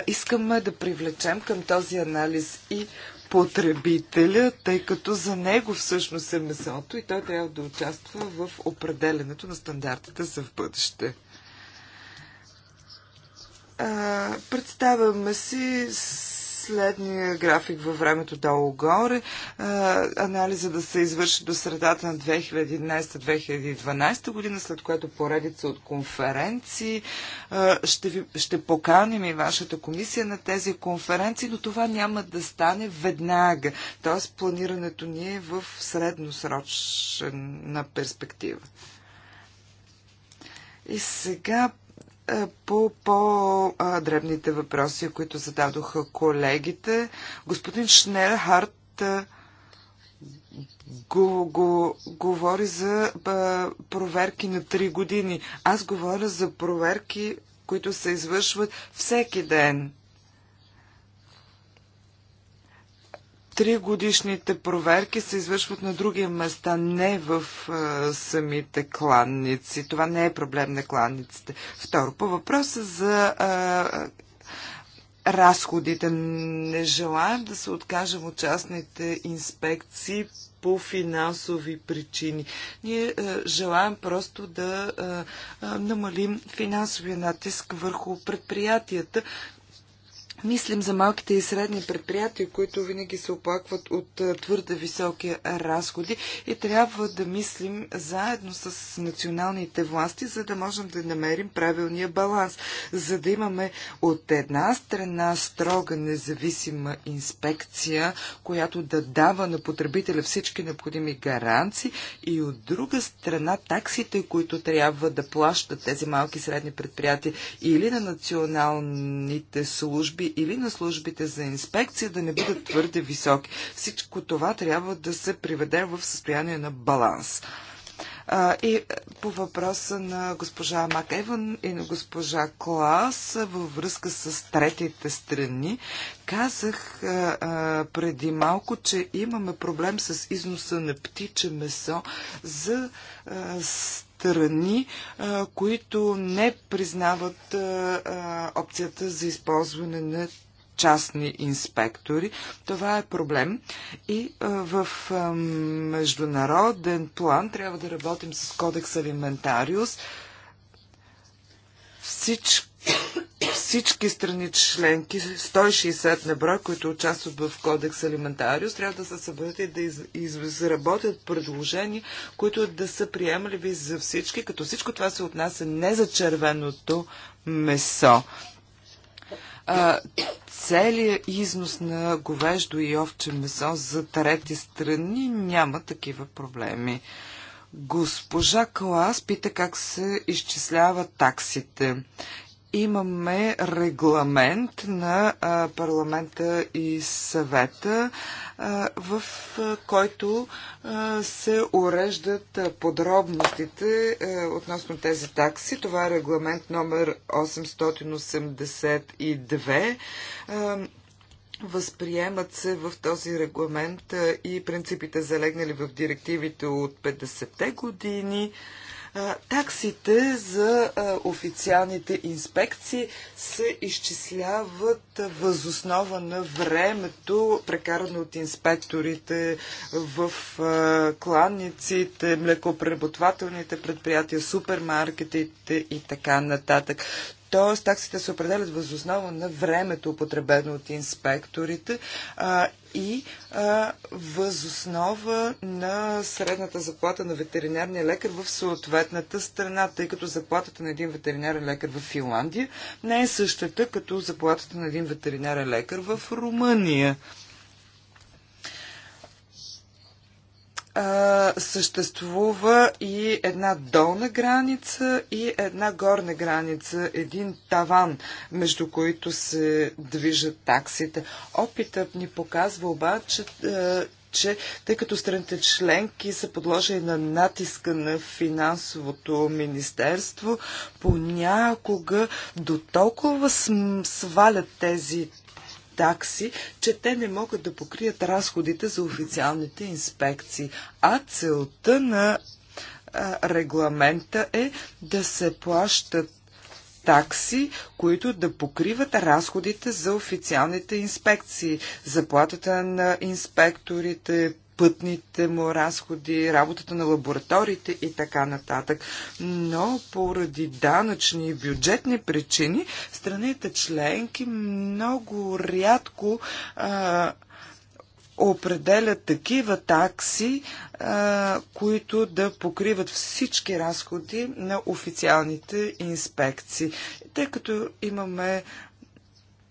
Искаме да привлечем към този анализ и потребителя, тъй като за него всъщност е месото и той трябва да участва в определенето на стандартите за в бъдеще. Представяме си следния график във времето долу-горе. Е, анализа да се извърши до средата на 2011-2012 година, след което поредица от конференции. Е, ще, ви, ще поканим и вашата комисия на тези конференции, но това няма да стане веднага. Тоест планирането ни е в средносрочна перспектива. И сега е, по по-дребните въпроси, които зададоха колегите. Господин Шнелхарт е, го, го, говори за е, проверки на 3 години. Аз говоря за проверки, които се извършват всеки ден. Три годишните проверки се извършват на други места, не в а, е, самите кланници. Това не е проблем на кланниците. Второ, по въпроса за а, е, разходите. Не желаем да се откажем от частните инспекции по финансови причини. Ние е, желаем просто да е, е намалим финансовия натиск върху предприятията, мислим за малките и средни предприятия, които винаги се оплакват от твърде високи разходи и трябва да мислим заедно с националните власти, за да можем да намерим правилния баланс, за да имаме от една страна строга независима инспекция, която да дава на потребителя всички необходими гаранции и от друга страна таксите, които трябва да плащат тези малки и средни предприятия или на националните служби, или на службите за инспекция да не бъдат твърде високи. Всичко това трябва да се приведе в състояние на баланс. И е, по въпроса на госпожа Мак Еван и на госпожа Клас във връзка с третите страни, казах преди малко, че имаме проблем с износа на птиче месо за страни, които не признават опцията за използване на частни инспектори. Това е проблем и в международен план трябва да работим с кодекс Алиментариус. Всички всички страни членки, 160 на брой, които участват в Кодекс Алиментариус, трябва да се съберат и да изработят предложения, които да са приемливи за всички, като всичко това се отнася не за червеното месо. А, целият износ на говеждо и овче месо за трети страни няма такива проблеми. Госпожа Клас пита как се изчисляват таксите имаме регламент на парламента и съвета, в който се уреждат подробностите относно тези такси. Това е регламент номер 882. Възприемат се в този регламент и принципите залегнали в директивите от 50-те години. Таксите за официалните инспекции се изчисляват възоснова на времето, прекарано от инспекторите в кланниците, млекопреработвателните предприятия, супермаркетите и така нататък. Т.е. таксите се определят възоснова на времето, употребено от инспекторите и а, възоснова на средната заплата на ветеринарния лекар в съответната страна, тъй като заплатата на един ветеринарен лекар в Финландия не е същата като заплатата на един ветеринарен лекар в Румъния. а, съществува и една долна граница и една горна граница, един таван, между които се движат таксите. Опитът ни показва обаче, а, че тъй като страните членки са подложени на натиска на финансовото министерство, понякога до толкова свалят тези такси, че те не могат да покрият разходите за официалните инспекции. А целта на регламента е да се плащат такси, които да покриват разходите за официалните инспекции, заплатата на инспекторите, пътните му разходи, работата на лабораториите и така нататък. Но поради данъчни и бюджетни причини, страните членки много рядко а, определят такива такси, а, които да покриват всички разходи на официалните инспекции. Тъй като имаме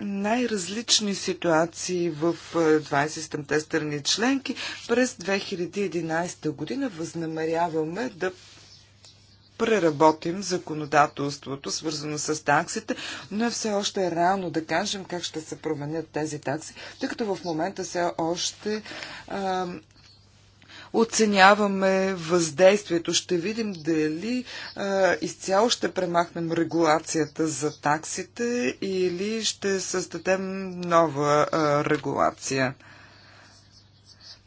най-различни ситуации в 27-те е, страни членки. През 2011 година възнамеряваме да преработим законодателството, свързано с таксите, но е все още е рано да кажем как ще се променят тези такси, тъй като в момента все още а, оценяваме въздействието. Ще видим дали а, изцяло ще премахнем регулацията за таксите или ще създадем нова а, регулация.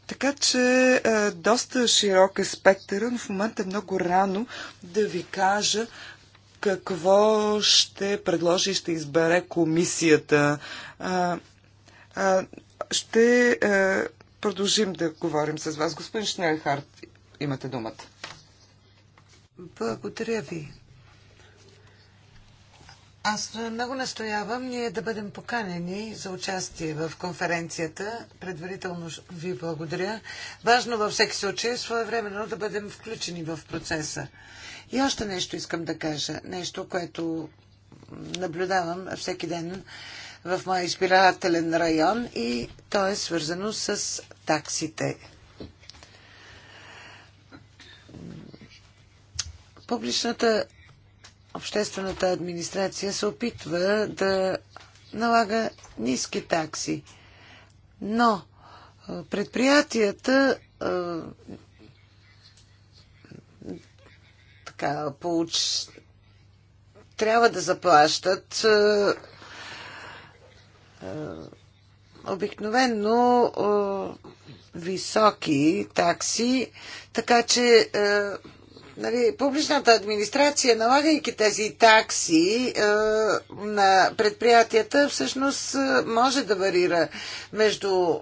Така че а, доста широк е спектърът. В момента е много рано да ви кажа какво ще предложи и ще избере комисията. А, а, ще а, продължим да говорим с вас. Господин Шнелхарт, имате думата. Благодаря ви. Аз много настоявам ние да бъдем поканени за участие в конференцията. Предварително ви благодаря. Важно във всеки случай е своевременно да бъдем включени в процеса. И още нещо искам да кажа. Нещо, което наблюдавам всеки ден в моя избирателен район и то е свързано с таксите. Публичната обществената администрация се опитва да налага ниски такси, но предприятията така, получ... трябва да заплащат е, обикновенно е, високи такси, така че е, нали, публичната администрация, налагайки тези такси е, на предприятията, всъщност може да варира между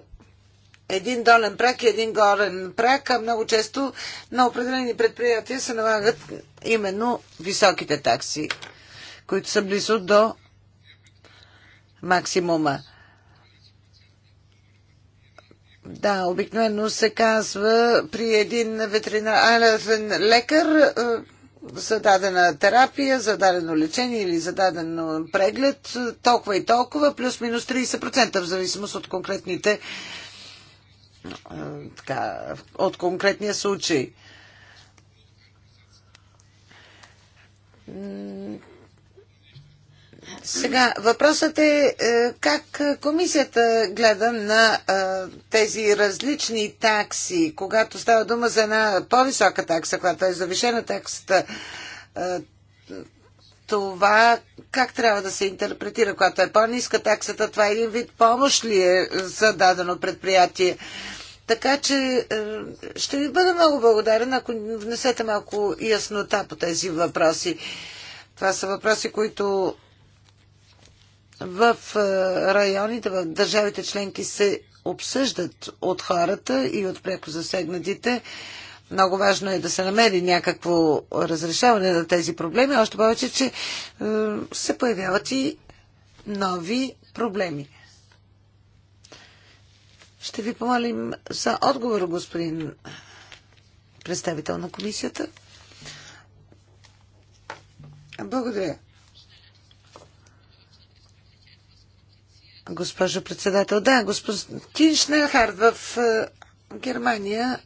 един долен прак и един горен прак, а много често на определени предприятия се налагат именно високите такси, които са близо до максимума. Да, обикновено се казва при един ветеринарен лекар е, за дадена терапия, за дадено лечение или за даден преглед, е, толкова и толкова, плюс-минус 30%, в зависимост от конкретните е, така, от конкретния случай сега, въпросът е, е как комисията гледа на е, тези различни такси, когато става дума за една по-висока такса, която е завишена таксата, е, това как трябва да се интерпретира, когато е по-ниска таксата, това е един вид помощ ли е за дадено предприятие. Така че ще ви бъда много благодарен, ако внесете малко яснота по тези въпроси. Това са въпроси, които в районите, в държавите членки се обсъждат от хората и от преко засегнатите. Много важно е да се намери някакво разрешаване на тези проблеми, още повече, че е, се появяват и нови проблеми. Ще ви помолим за отговор, господин представител на комисията. Благодаря. госпожо председател. Да, господин Шнелхард, в е, Германия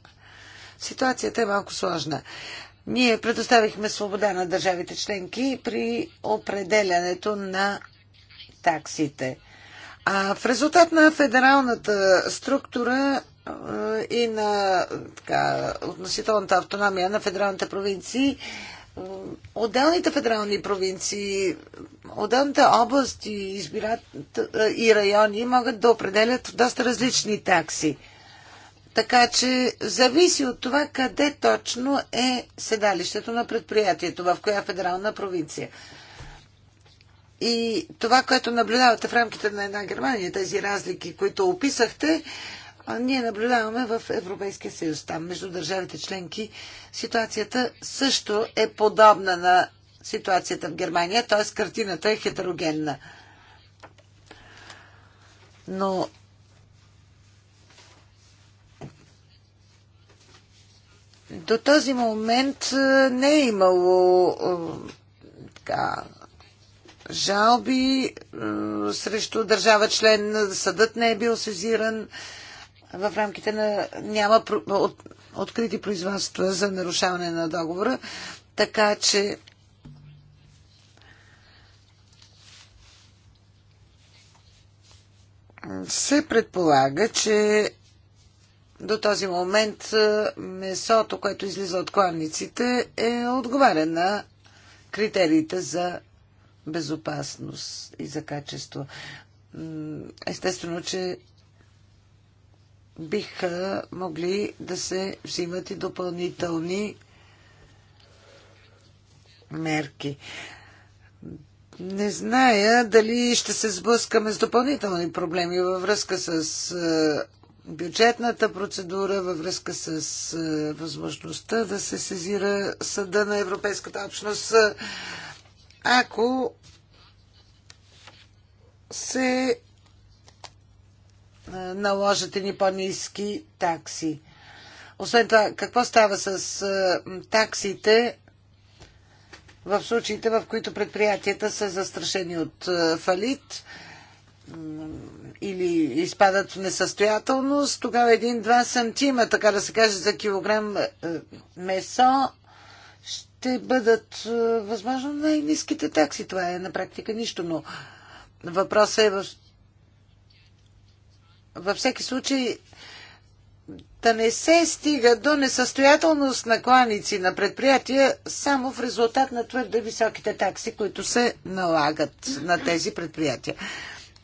ситуацията е малко сложна. Ние предоставихме свобода на държавите членки при определянето на таксите. А в резултат на федералната структура е, и на така, относителната автономия на федералните провинции, отделните федерални провинции, отделните области избират, и райони могат да определят доста различни такси. Така че зависи от това къде точно е седалището на предприятието, в коя федерална провинция. И това, което наблюдавате в рамките на една Германия, тези разлики, които описахте, ние наблюдаваме в Европейския съюз. Там между държавите членки ситуацията също е подобна на ситуацията в Германия, т.е. картината е хетерогенна. Но до този момент е, не е имало е, така, жалби е, срещу държава член, съдът не е бил сезиран в рамките на няма открити производства за нарушаване на договора, така че се предполага, че до този момент е, месото, което излиза от кланниците, е отговаря на критериите за безопасност и за качество. Естествено, че биха могли да се взимат и допълнителни мерки. Не зная дали ще се сблъскаме с допълнителни проблеми във връзка с е, бюджетната процедура, във връзка с е, възможността да се сезира съда на Европейската общност, е, ако се наложат ни по-низки такси. Освен това, какво става с таксите в случаите, в които предприятията са застрашени от фалит или изпадат в несъстоятелност, тогава един-два сантима, така да се каже, за килограм месо ще бъдат възможно най-низките такси. Това е на практика нищо, но въпросът е в във всеки случай да не се стига до несъстоятелност на кланици на предприятия само в резултат на твърде високите такси, които се налагат на тези предприятия.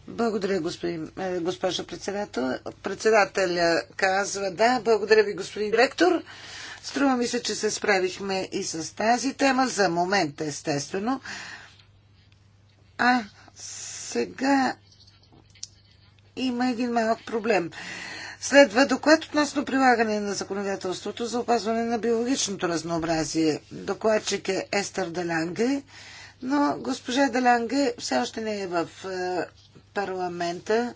Благодаря, господин, е, госпожа председател. Председателя казва да. Благодаря ви, господин директор. Струва ми се, че се справихме и с тази тема. За момент, естествено. А сега има един малък проблем. Следва доклад относно прилагане на законодателството за опазване на биологичното разнообразие. Докладчик е Естер Далянге, но госпожа Далянге все още не е в е, парламента.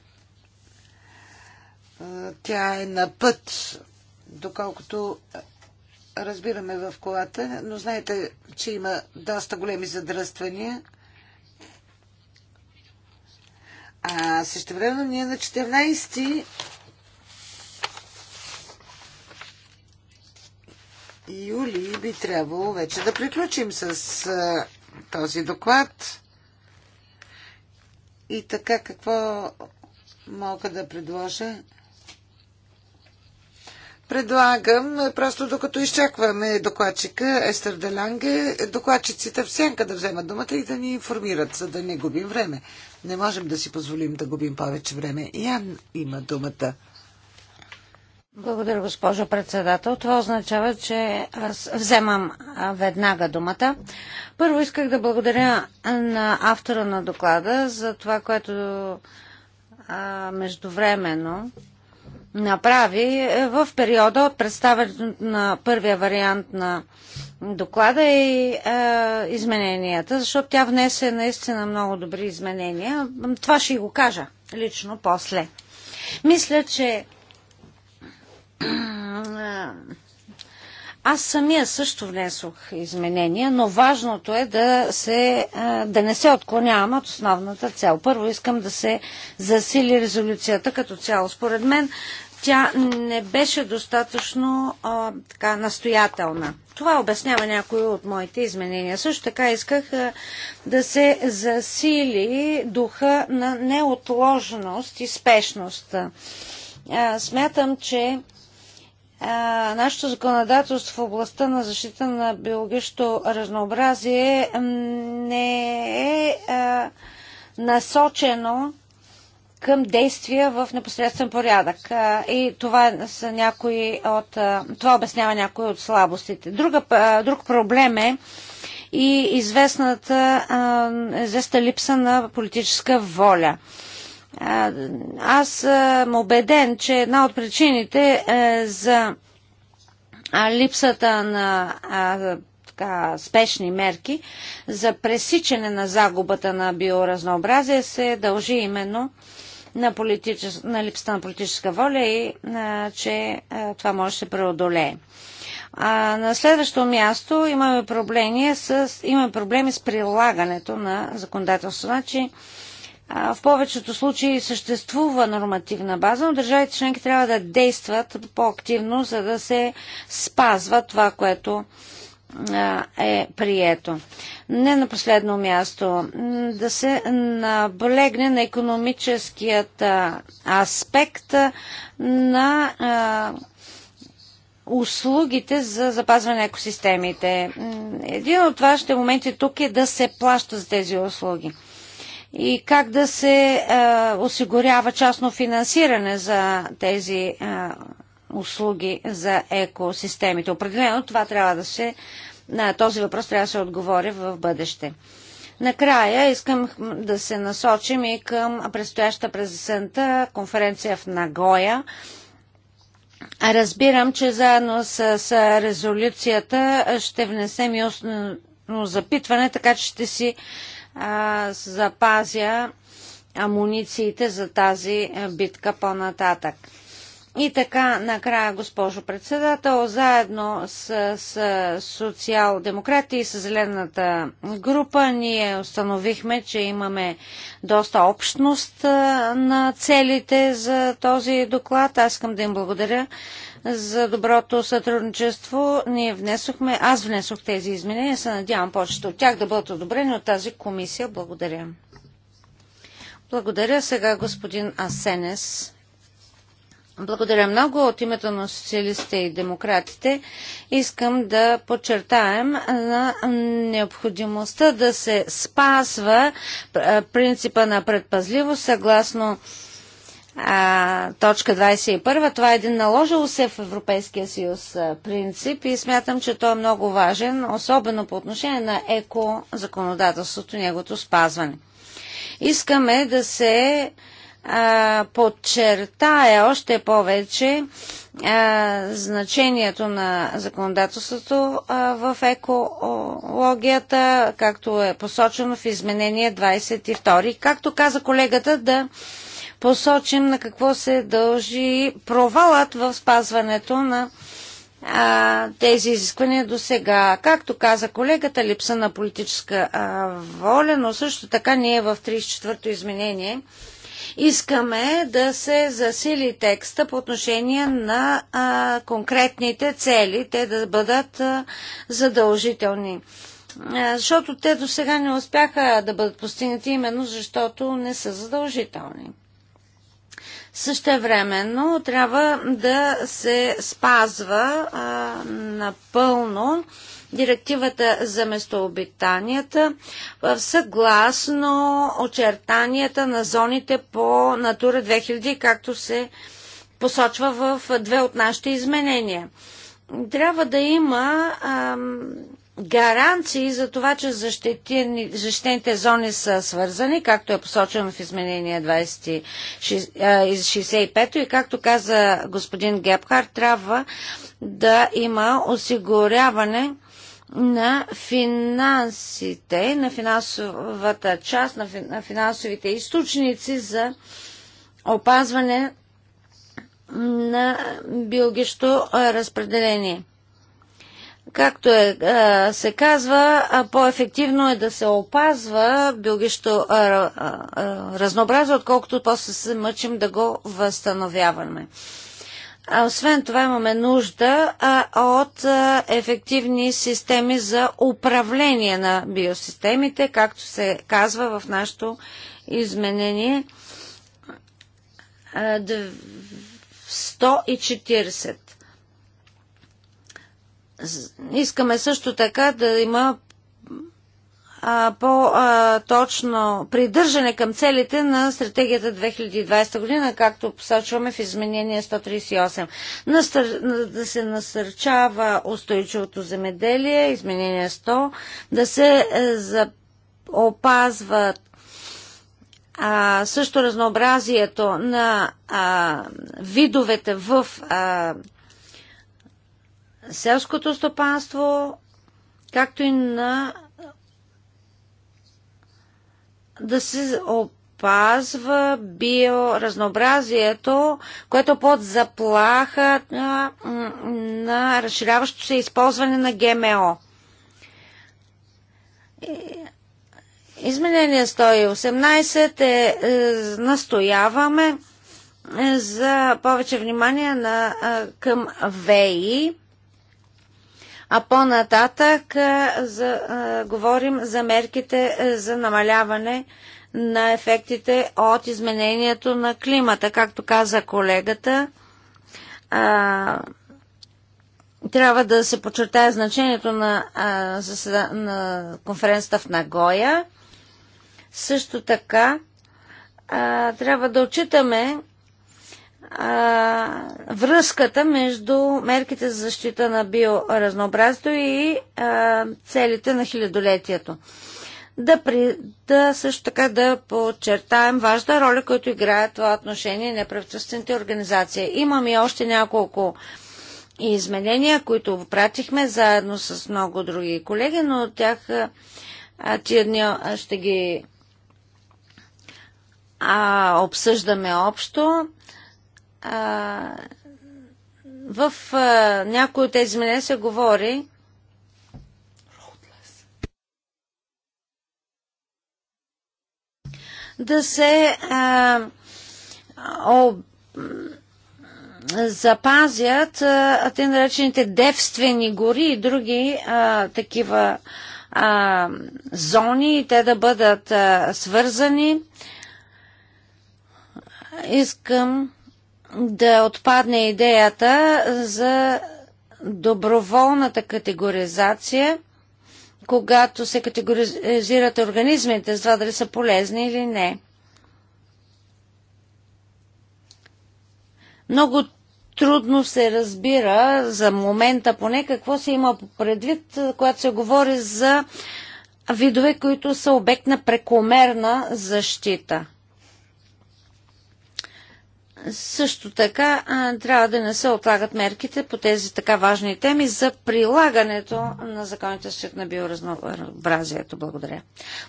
Е, тя е на път, доколкото разбираме в колата, но знаете, че има доста големи задръствания. А също време ние на 14 юли би трябвало вече да приключим с а, този доклад. И така, какво мога да предложа? Предлагам, просто докато изчакваме докладчика Естер Деланге, докладчиците в сянка да вземат думата и да ни информират, за да не губим време. Не можем да си позволим да губим повече време. Ян има думата. Благодаря, госпожо председател. Това означава, че аз вземам веднага думата. Първо исках да благодаря на автора на доклада за това, което междувременно направи е, в периода от представянето на първия вариант на доклада и е, измененията, защото тя внесе наистина много добри изменения. Това ще и го кажа лично после. Мисля, че аз самия също внесох изменения, но важното е да, се, да не се отклонявам от основната цел. Първо искам да се засили резолюцията като цяло. Според мен тя не беше достатъчно а, така настоятелна. Това обяснява някои от моите изменения. Също така исках а, да се засили духа на неотложност и спешност. А, смятам, че а, нашето законодателство в областта на защита на биологичното разнообразие не е а, насочено към действия в непосредствен порядък. И това, са някои от, това обяснява някои от слабостите. Друга, друг проблем е и известната, известна липса на политическа воля. Аз съм убеден, че една от причините е, за липсата на така, спешни мерки за пресичане на загубата на биоразнообразие се дължи именно на, политичес... на липсата на политическа воля и а, че а, това може да се преодолее. А, на следващо място имаме проблеми с, имаме проблеми с прилагането на законодателство. Значи, а, в повечето случаи съществува нормативна база, но държавите членки трябва да действат по-активно, за да се спазва това, което е прието. Не на последно място, да се наблегне на економическият аспект на услугите за запазване на екосистемите. Един от вашите моменти тук е да се плаща за тези услуги и как да се осигурява частно финансиране за тези а, услуги за екосистемите. Определено това трябва да се, на този въпрос трябва да се отговори в бъдеще. Накрая искам да се насочим и към предстояща през есента конференция в Нагоя. Разбирам, че заедно с, с резолюцията ще внесем и устно запитване, така че ще си а, запазя амунициите за тази битка по-нататък. И така, накрая, госпожо председател, заедно с, с социал-демократи и с зелената група, ние установихме, че имаме доста общност на целите за този доклад. Аз искам да им благодаря за доброто сътрудничество. Ние внесохме, аз внесох тези изменения, се надявам повечето от тях да бъдат одобрени от тази комисия. Благодаря. Благодаря сега господин Асенес. Благодаря много. От името на социалистите и демократите искам да подчертаем на необходимостта да се спазва принципа на предпазливост съгласно а, точка 21. Това е един наложил се в Европейския съюз принцип и смятам, че той е много важен, особено по отношение на еко законодателството, неговото спазване. Искаме да се а, подчертая още повече значението на законодателството в екологията, както е посочено в изменение 22. Както каза колегата, да посочим на какво се дължи провалът в спазването на тези изисквания до сега. Както каза колегата, липса на политическа воля, но също така ние в 34-то изменение Искаме да се засили текста по отношение на а, конкретните цели, те да бъдат а, задължителни. А, защото те до сега не успяха да бъдат постигнати именно защото не са задължителни. Същевременно трябва да се спазва а, напълно а, директивата за местообитанията в съгласно очертанията на зоните по Натура 2000, както се посочва в две от нашите изменения. Трябва да има ам, гаранции за това, че защитени, защитените зони са свързани, както е посочено в изменение 65 и както каза господин Гепхар, трябва да има осигуряване на финансите, на финансовата част, на финансовите източници за опазване на биологичното разпределение. Както е, се казва, по-ефективно е да се опазва биологичното разнообразие, отколкото после се мъчим да го възстановяваме. А освен това имаме нужда а, от а, ефективни системи за управление на биосистемите, както се казва в нашето изменение а, 140. Искаме също така да има по-точно придържане към целите на стратегията 2020 година, както посочваме в изменение 138. Настър... Да се насърчава устойчивото земеделие, изменение 100, да се е, за... а, също разнообразието на а, видовете в а, селското стопанство, както и на да се опазва биоразнообразието, което е под заплаха на, на разширяващо се използване на ГМО. Изменение 118 е, е, настояваме е, за повече внимание на, е, към ВЕИ а по-нататък за, а, говорим за мерките за намаляване на ефектите от изменението на климата. Както каза колегата, а, трябва да се подчертая значението на, а, за, на конференцията в Нагоя. Също така а, трябва да отчитаме а, връзката между мерките за защита на биоразнообразието и а, целите на хилядолетието. Да, при, да също така да подчертаем важна роля, която играе това отношение на правителствените организации. Имам и още няколко изменения, които пратихме заедно с много други колеги, но от тях а, тия дни ще ги а, обсъждаме общо в а, някои от тези изменения се говори да се а, о, запазят а, те наречените девствени гори и други а, такива а, зони и те да бъдат а, свързани. Искам да отпадне идеята за доброволната категоризация, когато се категоризират организмите, за това дали са полезни или не. Много трудно се разбира за момента поне какво се има предвид, когато се говори за видове, които са обект на прекомерна защита. Също така трябва да не се отлагат мерките по тези така важни теми за прилагането на законите свет на биоразнообразието. Благодаря.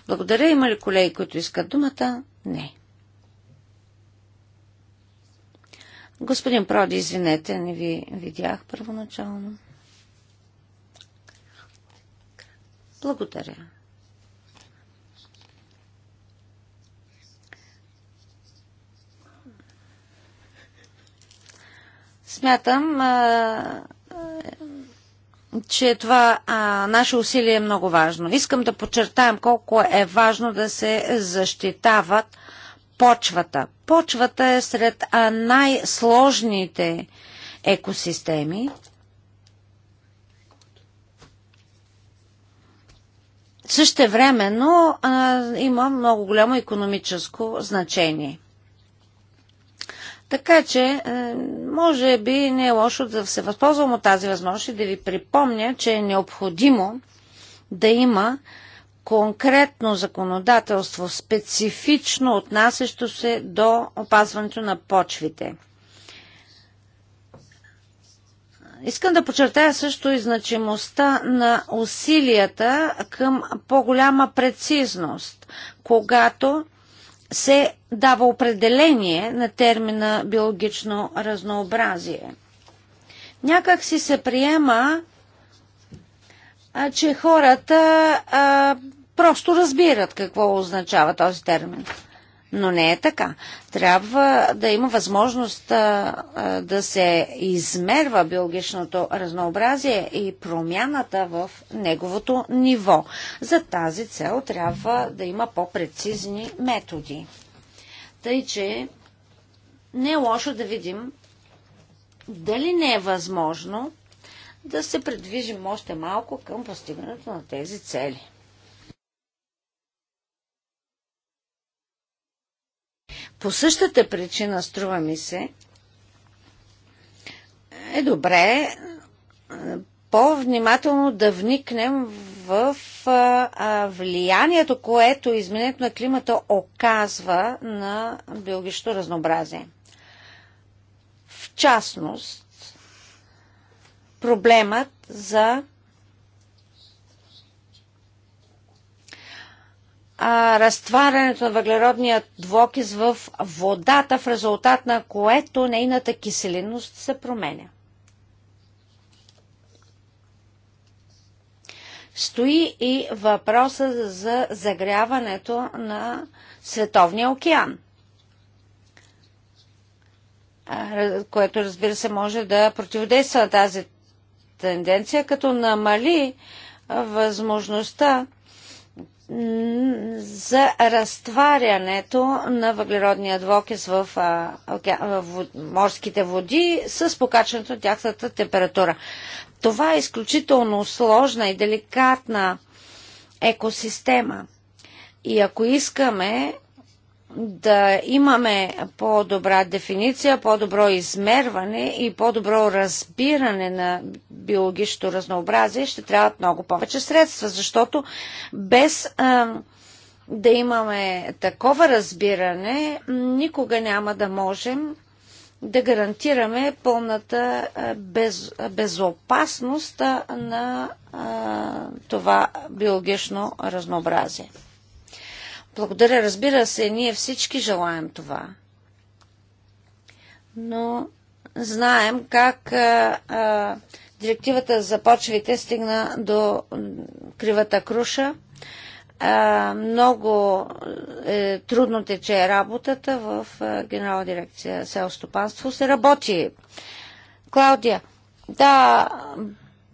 Благодаря. Има ли колеги, които искат думата? Не. Господин Проди, извинете, не ви видях първоначално. Благодаря. Смятам, че това а, наше усилие е много важно. Искам да подчертаем колко е важно да се защитават почвата. Почвата е сред най-сложните екосистеми. Същевременно а, има много голямо економическо значение. Така че, е, може би не е лошо да се възползвам от тази възможност и да ви припомня, че е необходимо да има конкретно законодателство, специфично отнасящо се до опазването на почвите. Искам да подчертая също и значимостта на усилията към по-голяма прецизност, когато се дава определение на термина биологично разнообразие. Някак си се приема, а, че хората а, просто разбират какво означава този термин. Но не е така. Трябва да има възможност а, да се измерва биологичното разнообразие и промяната в неговото ниво. За тази цел трябва да има по-прецизни методи. Тъй, че не е лошо да видим дали не е възможно да се предвижим още малко към постигането на тези цели. По същата причина, струва ми се, е добре е, по-внимателно да вникнем в влиянието, което изменението на климата оказва на биологичното разнообразие. В частност, проблемът за а, разтварянето на въглеродния двокис в водата, в резултат на което нейната киселинност се променя. Стои и въпроса за загряването на Световния океан, което разбира се може да противодейства на тази тенденция, като намали възможността за разтварянето на въглеродния двокис в, а, в морските води с покачването на тяхната температура. Това е изключително сложна и деликатна екосистема. И ако искаме да имаме по-добра дефиниция, по-добро измерване и по-добро разбиране на биологичното разнообразие, ще трябват много повече средства, защото без а, да имаме такова разбиране, никога няма да можем да гарантираме пълната без, безопасност на а, това биологично разнообразие. Благодаря, разбира се, ние всички желаем това. Но знаем как а, а, директивата за почвите стигна до кривата круша. А, много е, трудно тече работата в а, Генерална дирекция село стопанство. Се работи. Клаудия, да,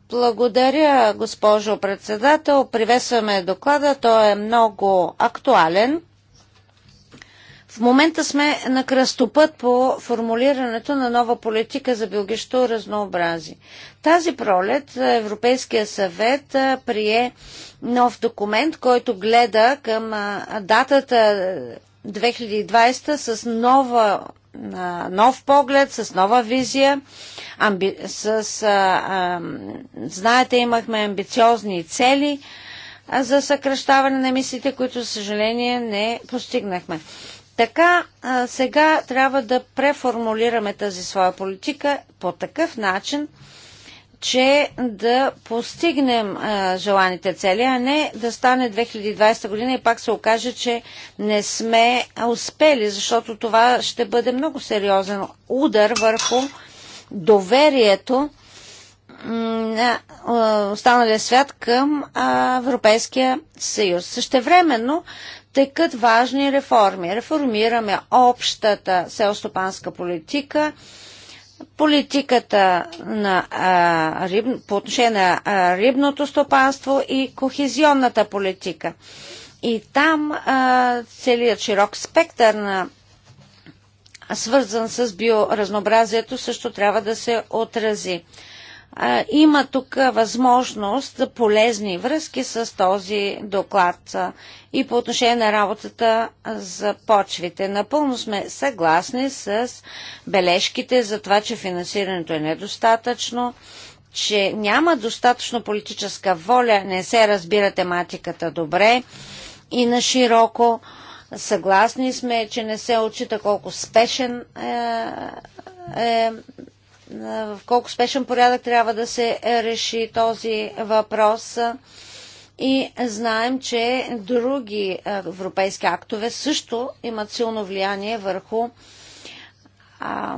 благодаря, госпожо председател. Приветстваме доклада. Той е много актуален. В момента сме на кръстопът по формулирането на нова политика за биологично разнообразие. Тази пролет Европейския съвет прие нов документ, който гледа към датата 2020 с нова, нов поглед, с нова визия амби... с... А, а, знаете, имахме амбициозни цели за съкръщаване на мислите, които, за съжаление, не постигнахме. Така а, сега трябва да преформулираме тази своя политика по такъв начин, че да постигнем а, желаните цели, а не да стане 2020 година и пак се окаже, че не сме успели, защото това ще бъде много сериозен удар върху доверието на останалия свят към Европейския съюз. Същевременно текат важни реформи. Реформираме общата селстопанска политика, политиката на, а, риб, по отношение на а, рибното стопанство и кохезионната политика. И там а, целият широк спектър на свързан с биоразнообразието, също трябва да се отрази. Има тук възможност за полезни връзки с този доклад и по отношение на работата за почвите. Напълно сме съгласни с бележките за това, че финансирането е недостатъчно, че няма достатъчно политическа воля, не се разбира тематиката добре и на широко. Съгласни сме, че не се отчита колко спешен е, е в колко спешен порядък трябва да се реши този въпрос. И знаем, че други е, европейски актове също имат силно влияние върху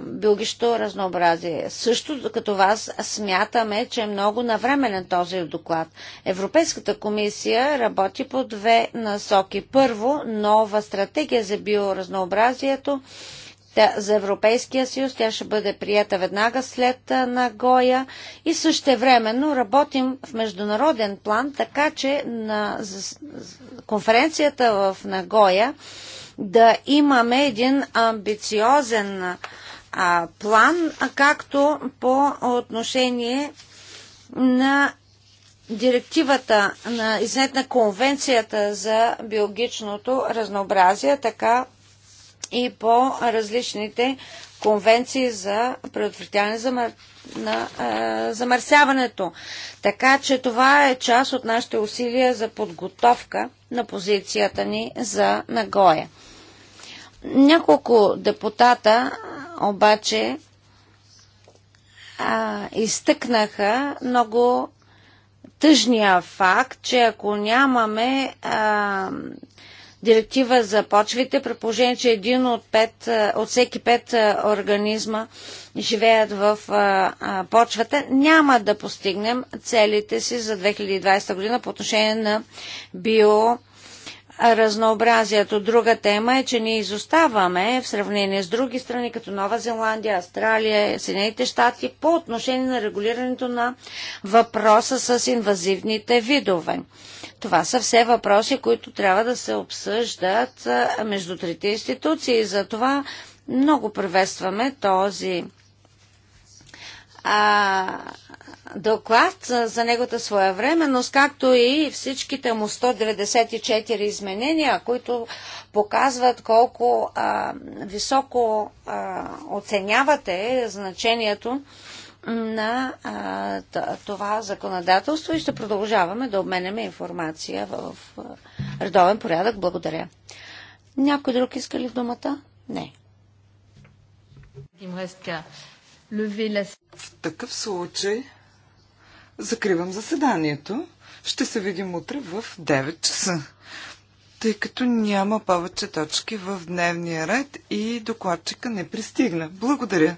биологичното разнообразие. Също като вас смятаме, че е много навременен този доклад. Европейската комисия работи по две насоки. Първо, нова стратегия за биоразнообразието за Европейския съюз. Тя ще бъде прията веднага след Нагоя и също времено работим в международен план, така че на конференцията в Нагоя да имаме един амбициозен план, както по отношение на директивата на, изнет на конвенцията за биологичното разнообразие, така и по различните конвенции за предотвратяване на е, замърсяването. Така че това е част от нашите усилия за подготовка на позицията ни за Нагоя. Няколко депутата обаче а, изтъкнаха много тъжния факт, че ако нямаме а, директива за почвите, при положение, че един от, пет, от всеки пет организма живеят в а, а, почвата, няма да постигнем целите си за 2020 година по отношение на био разнообразието. Друга тема е, че ние изоставаме в сравнение с други страни, като Нова Зеландия, Австралия, Съединените щати, по отношение на регулирането на въпроса с инвазивните видове. Това са все въпроси, които трябва да се обсъждат между трите институции. Затова много приветстваме този а, доклад за неговата временност, както и всичките му 194 изменения, които показват колко а, високо а, оценявате значението на а, това законодателство и ще продължаваме да обменяме информация в, в редовен порядък. Благодаря. Някой друг иска ли думата? Не. В такъв случай Закривам заседанието. Ще се видим утре в 9 часа. Тъй като няма повече точки в дневния ред и докладчика не пристигна. Благодаря.